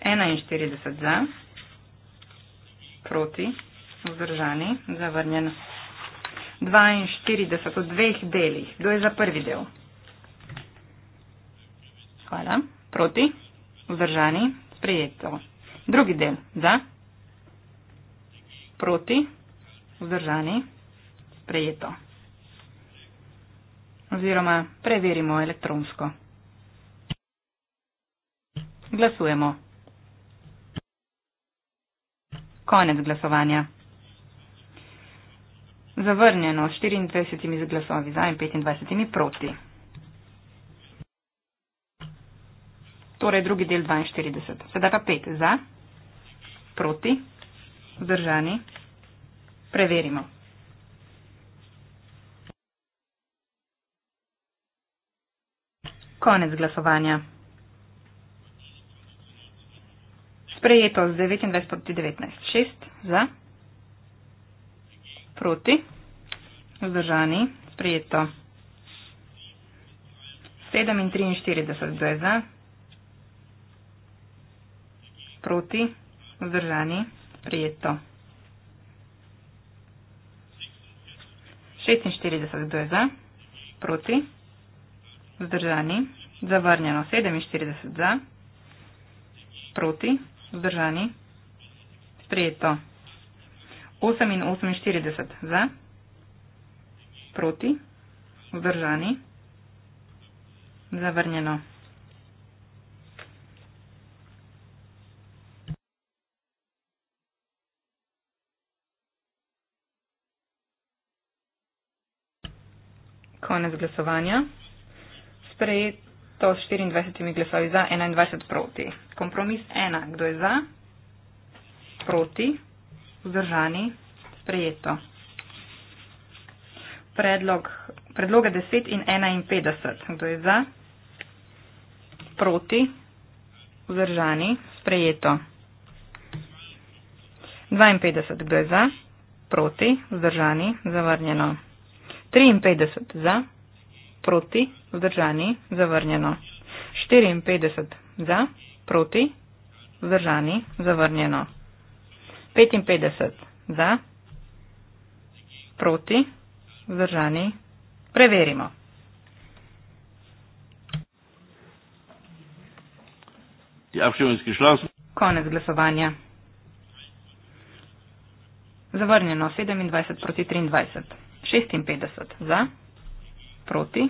41 za. Proti? Vzdržani? Zavrnjen. 42 v dveh delih. Kdo je za prvi del? Hvala. Proti? Vzdržani? Prijeto. Drugi del. Za? proti, vzdržani, sprejeto. Oziroma preverimo elektronsko. Glasujemo. Konec glasovanja. Zavrnjeno s 24 glasovi za in 25 proti. Torej drugi del 42. Sedaj pa 5 za, proti. Vzdržani. Preverimo. Konec glasovanja. Sprejeto z 29 proti 19. 6 za. Proti. Vzdržani. Sprejeto. 7 in 43 za. Proti. Vzdržani prijeto. 46, kdo je za? Proti? Zdržani? Zavrnjeno. 47 za? Proti? Zdržani? Sprijeto. 48 za? Proti? Zdržani? Zavrnjeno. konec glasovanja. Sprejeto s 24 glasovi za, 21 proti. Kompromis 1. Kdo je za? Proti. Vzdržani. Sprejeto. Predlog, predloga 10 in 51. Kdo je za? Proti. Vzdržani. Sprejeto. 52. Kdo je za? Proti. Vzdržani. Zavrnjeno. 53 za, proti, vzdržani, zavrnjeno. 54 za, proti, vzdržani, zavrnjeno. 55 za, proti, vzdržani, preverimo. Ja, občinski šlas. Konec glasovanja. Zavrnjeno 27 proti 23. 56 za, proti,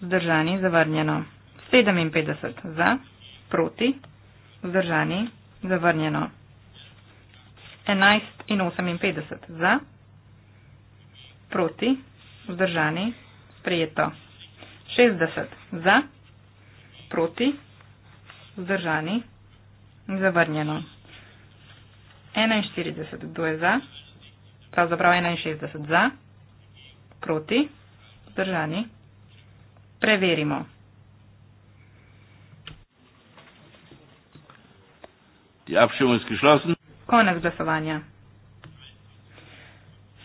vzdržani, zavrnjeno. 57 za, proti, vzdržani, zavrnjeno. 11 in 58 za, proti, vzdržani, sprejeto. 60 za, proti, vzdržani, zavrnjeno. 41 do je za pravzaprav 61 za, proti, zdržani. Preverimo. Ja, Konec glasovanja.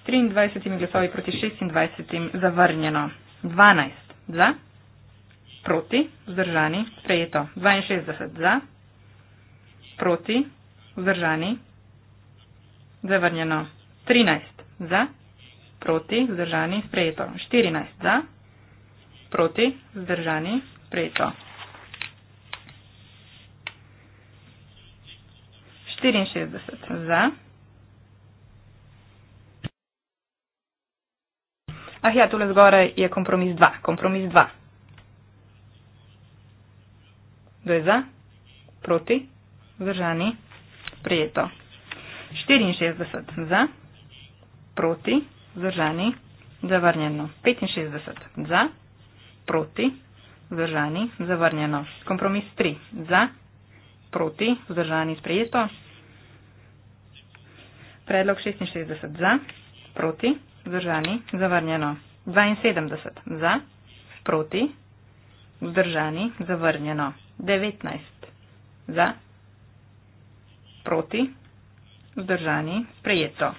S 23 glasovi proti 26 zavrnjeno. 12 za, proti, vzdržani, sprejeto. 62 za, proti, vzdržani, zavrnjeno. 13 za, proti, zdržani, sprejeto. 14 za, proti, zdržani, sprejeto. 64 za. Ah ja, tule zgoraj je kompromis 2. Kompromis 2. Kdo je za? Proti? Zdržani? Sprejeto. 64 za proti, zdržani, zavrnjeno 65 za, proti, zdržani, zavrnjeno. Kompromis 3 za, proti, zdržani, sprejeto. Predlog 66 za, proti, zdržani, zavrnjeno. 72 za, proti, zdržani, zavrnjeno. 19 za, proti, zdržani, sprejeto.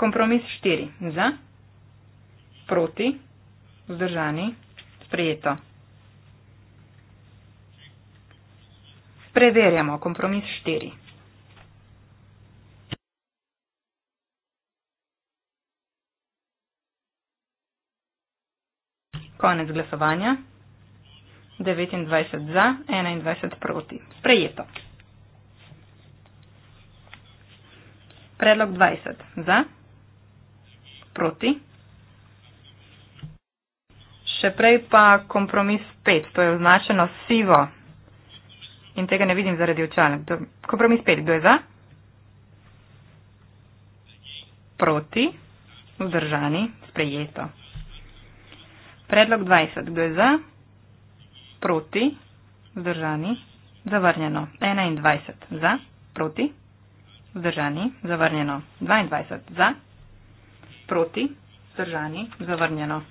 Kompromis 4. Za, proti, vzdržani, sprejeto. Preverjamo kompromis 4. Konec glasovanja. 29 za, 21 proti. Sprejeto. Predlog 20 za proti. Še prej pa kompromis 5, to je označeno sivo in tega ne vidim zaradi očala. Kompromis 5, kdo je za? Proti, vzdržani, sprejeto. Predlog 20, kdo je za? Proti, vzdržani, zavrnjeno. 21, za? Proti, vzdržani, zavrnjeno. 22, za? proti, zdržani, zavrnjeno.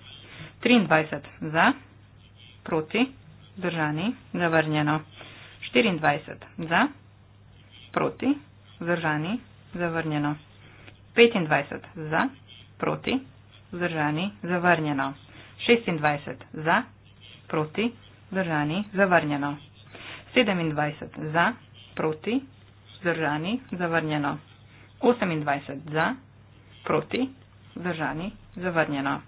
23 za, proti, zdržani, zavrnjeno. 24 za, proti, zdržani, zavrnjeno. 25 za, proti, zdržani, zavrnjeno. 26 za, proti, zdržani, zavrnjeno. 27 za, proti, zdržani, zavrnjeno. 28 za, proti, zdržani, zavrnjeno. Zdržani. Zavrnjeno.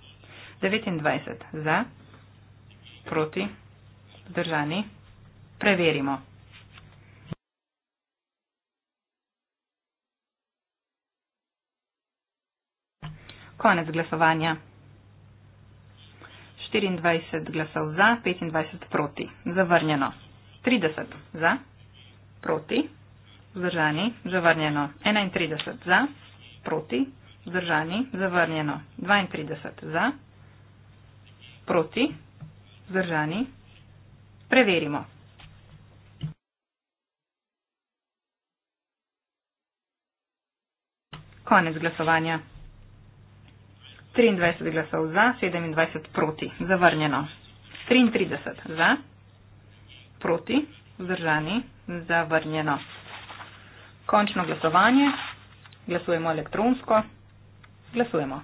29. Za. Proti. Zdržani. Preverimo. Konec glasovanja. 24 glasov za, 25 proti. Zavrnjeno. 30 za, proti, vzdržani, zavrnjeno. 31 za, proti, vzdržani, zavrnjeno 32 za, proti, vzdržani, preverimo. Konec glasovanja. 23 glasov za, 27 proti, zavrnjeno. 33 za, proti, vzdržani, zavrnjeno. Končno glasovanje. Glasujemo elektronsko. Glasujemo.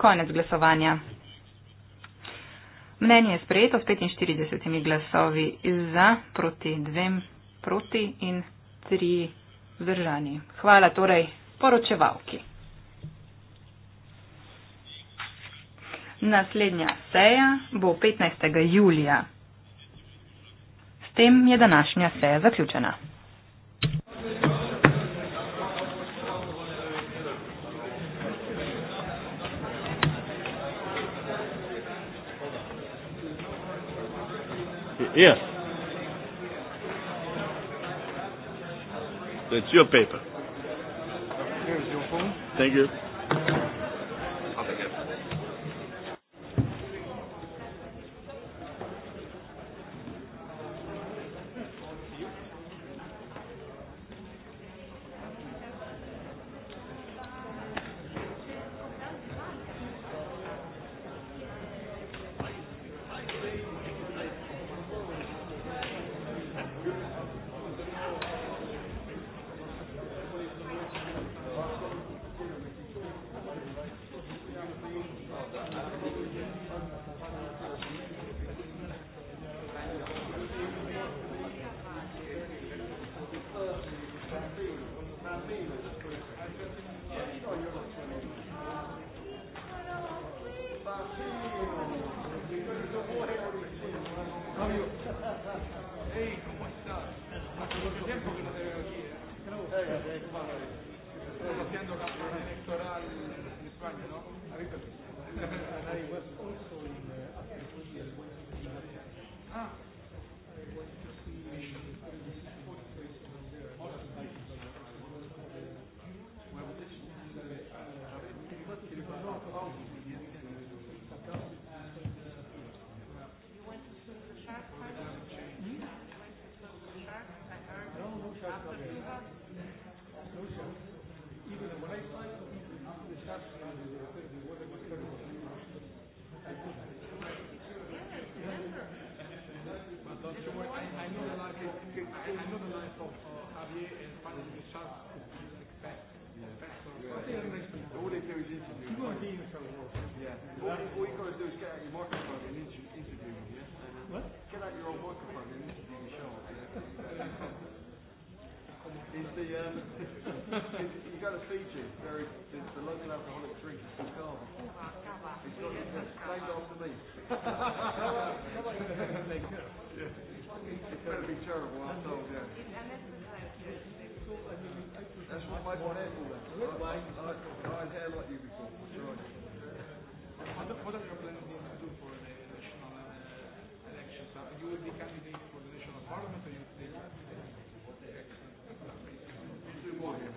Konec glasovanja. Mnenje je sprejeto s 45 glasovi za, proti dvem, proti in tri vzdržani. Hvala torej poročevalki. Naslednja seja bo 15. julija tem je današnja seja zaključena. Yes. That's your paper. Here's your phone. Thank you.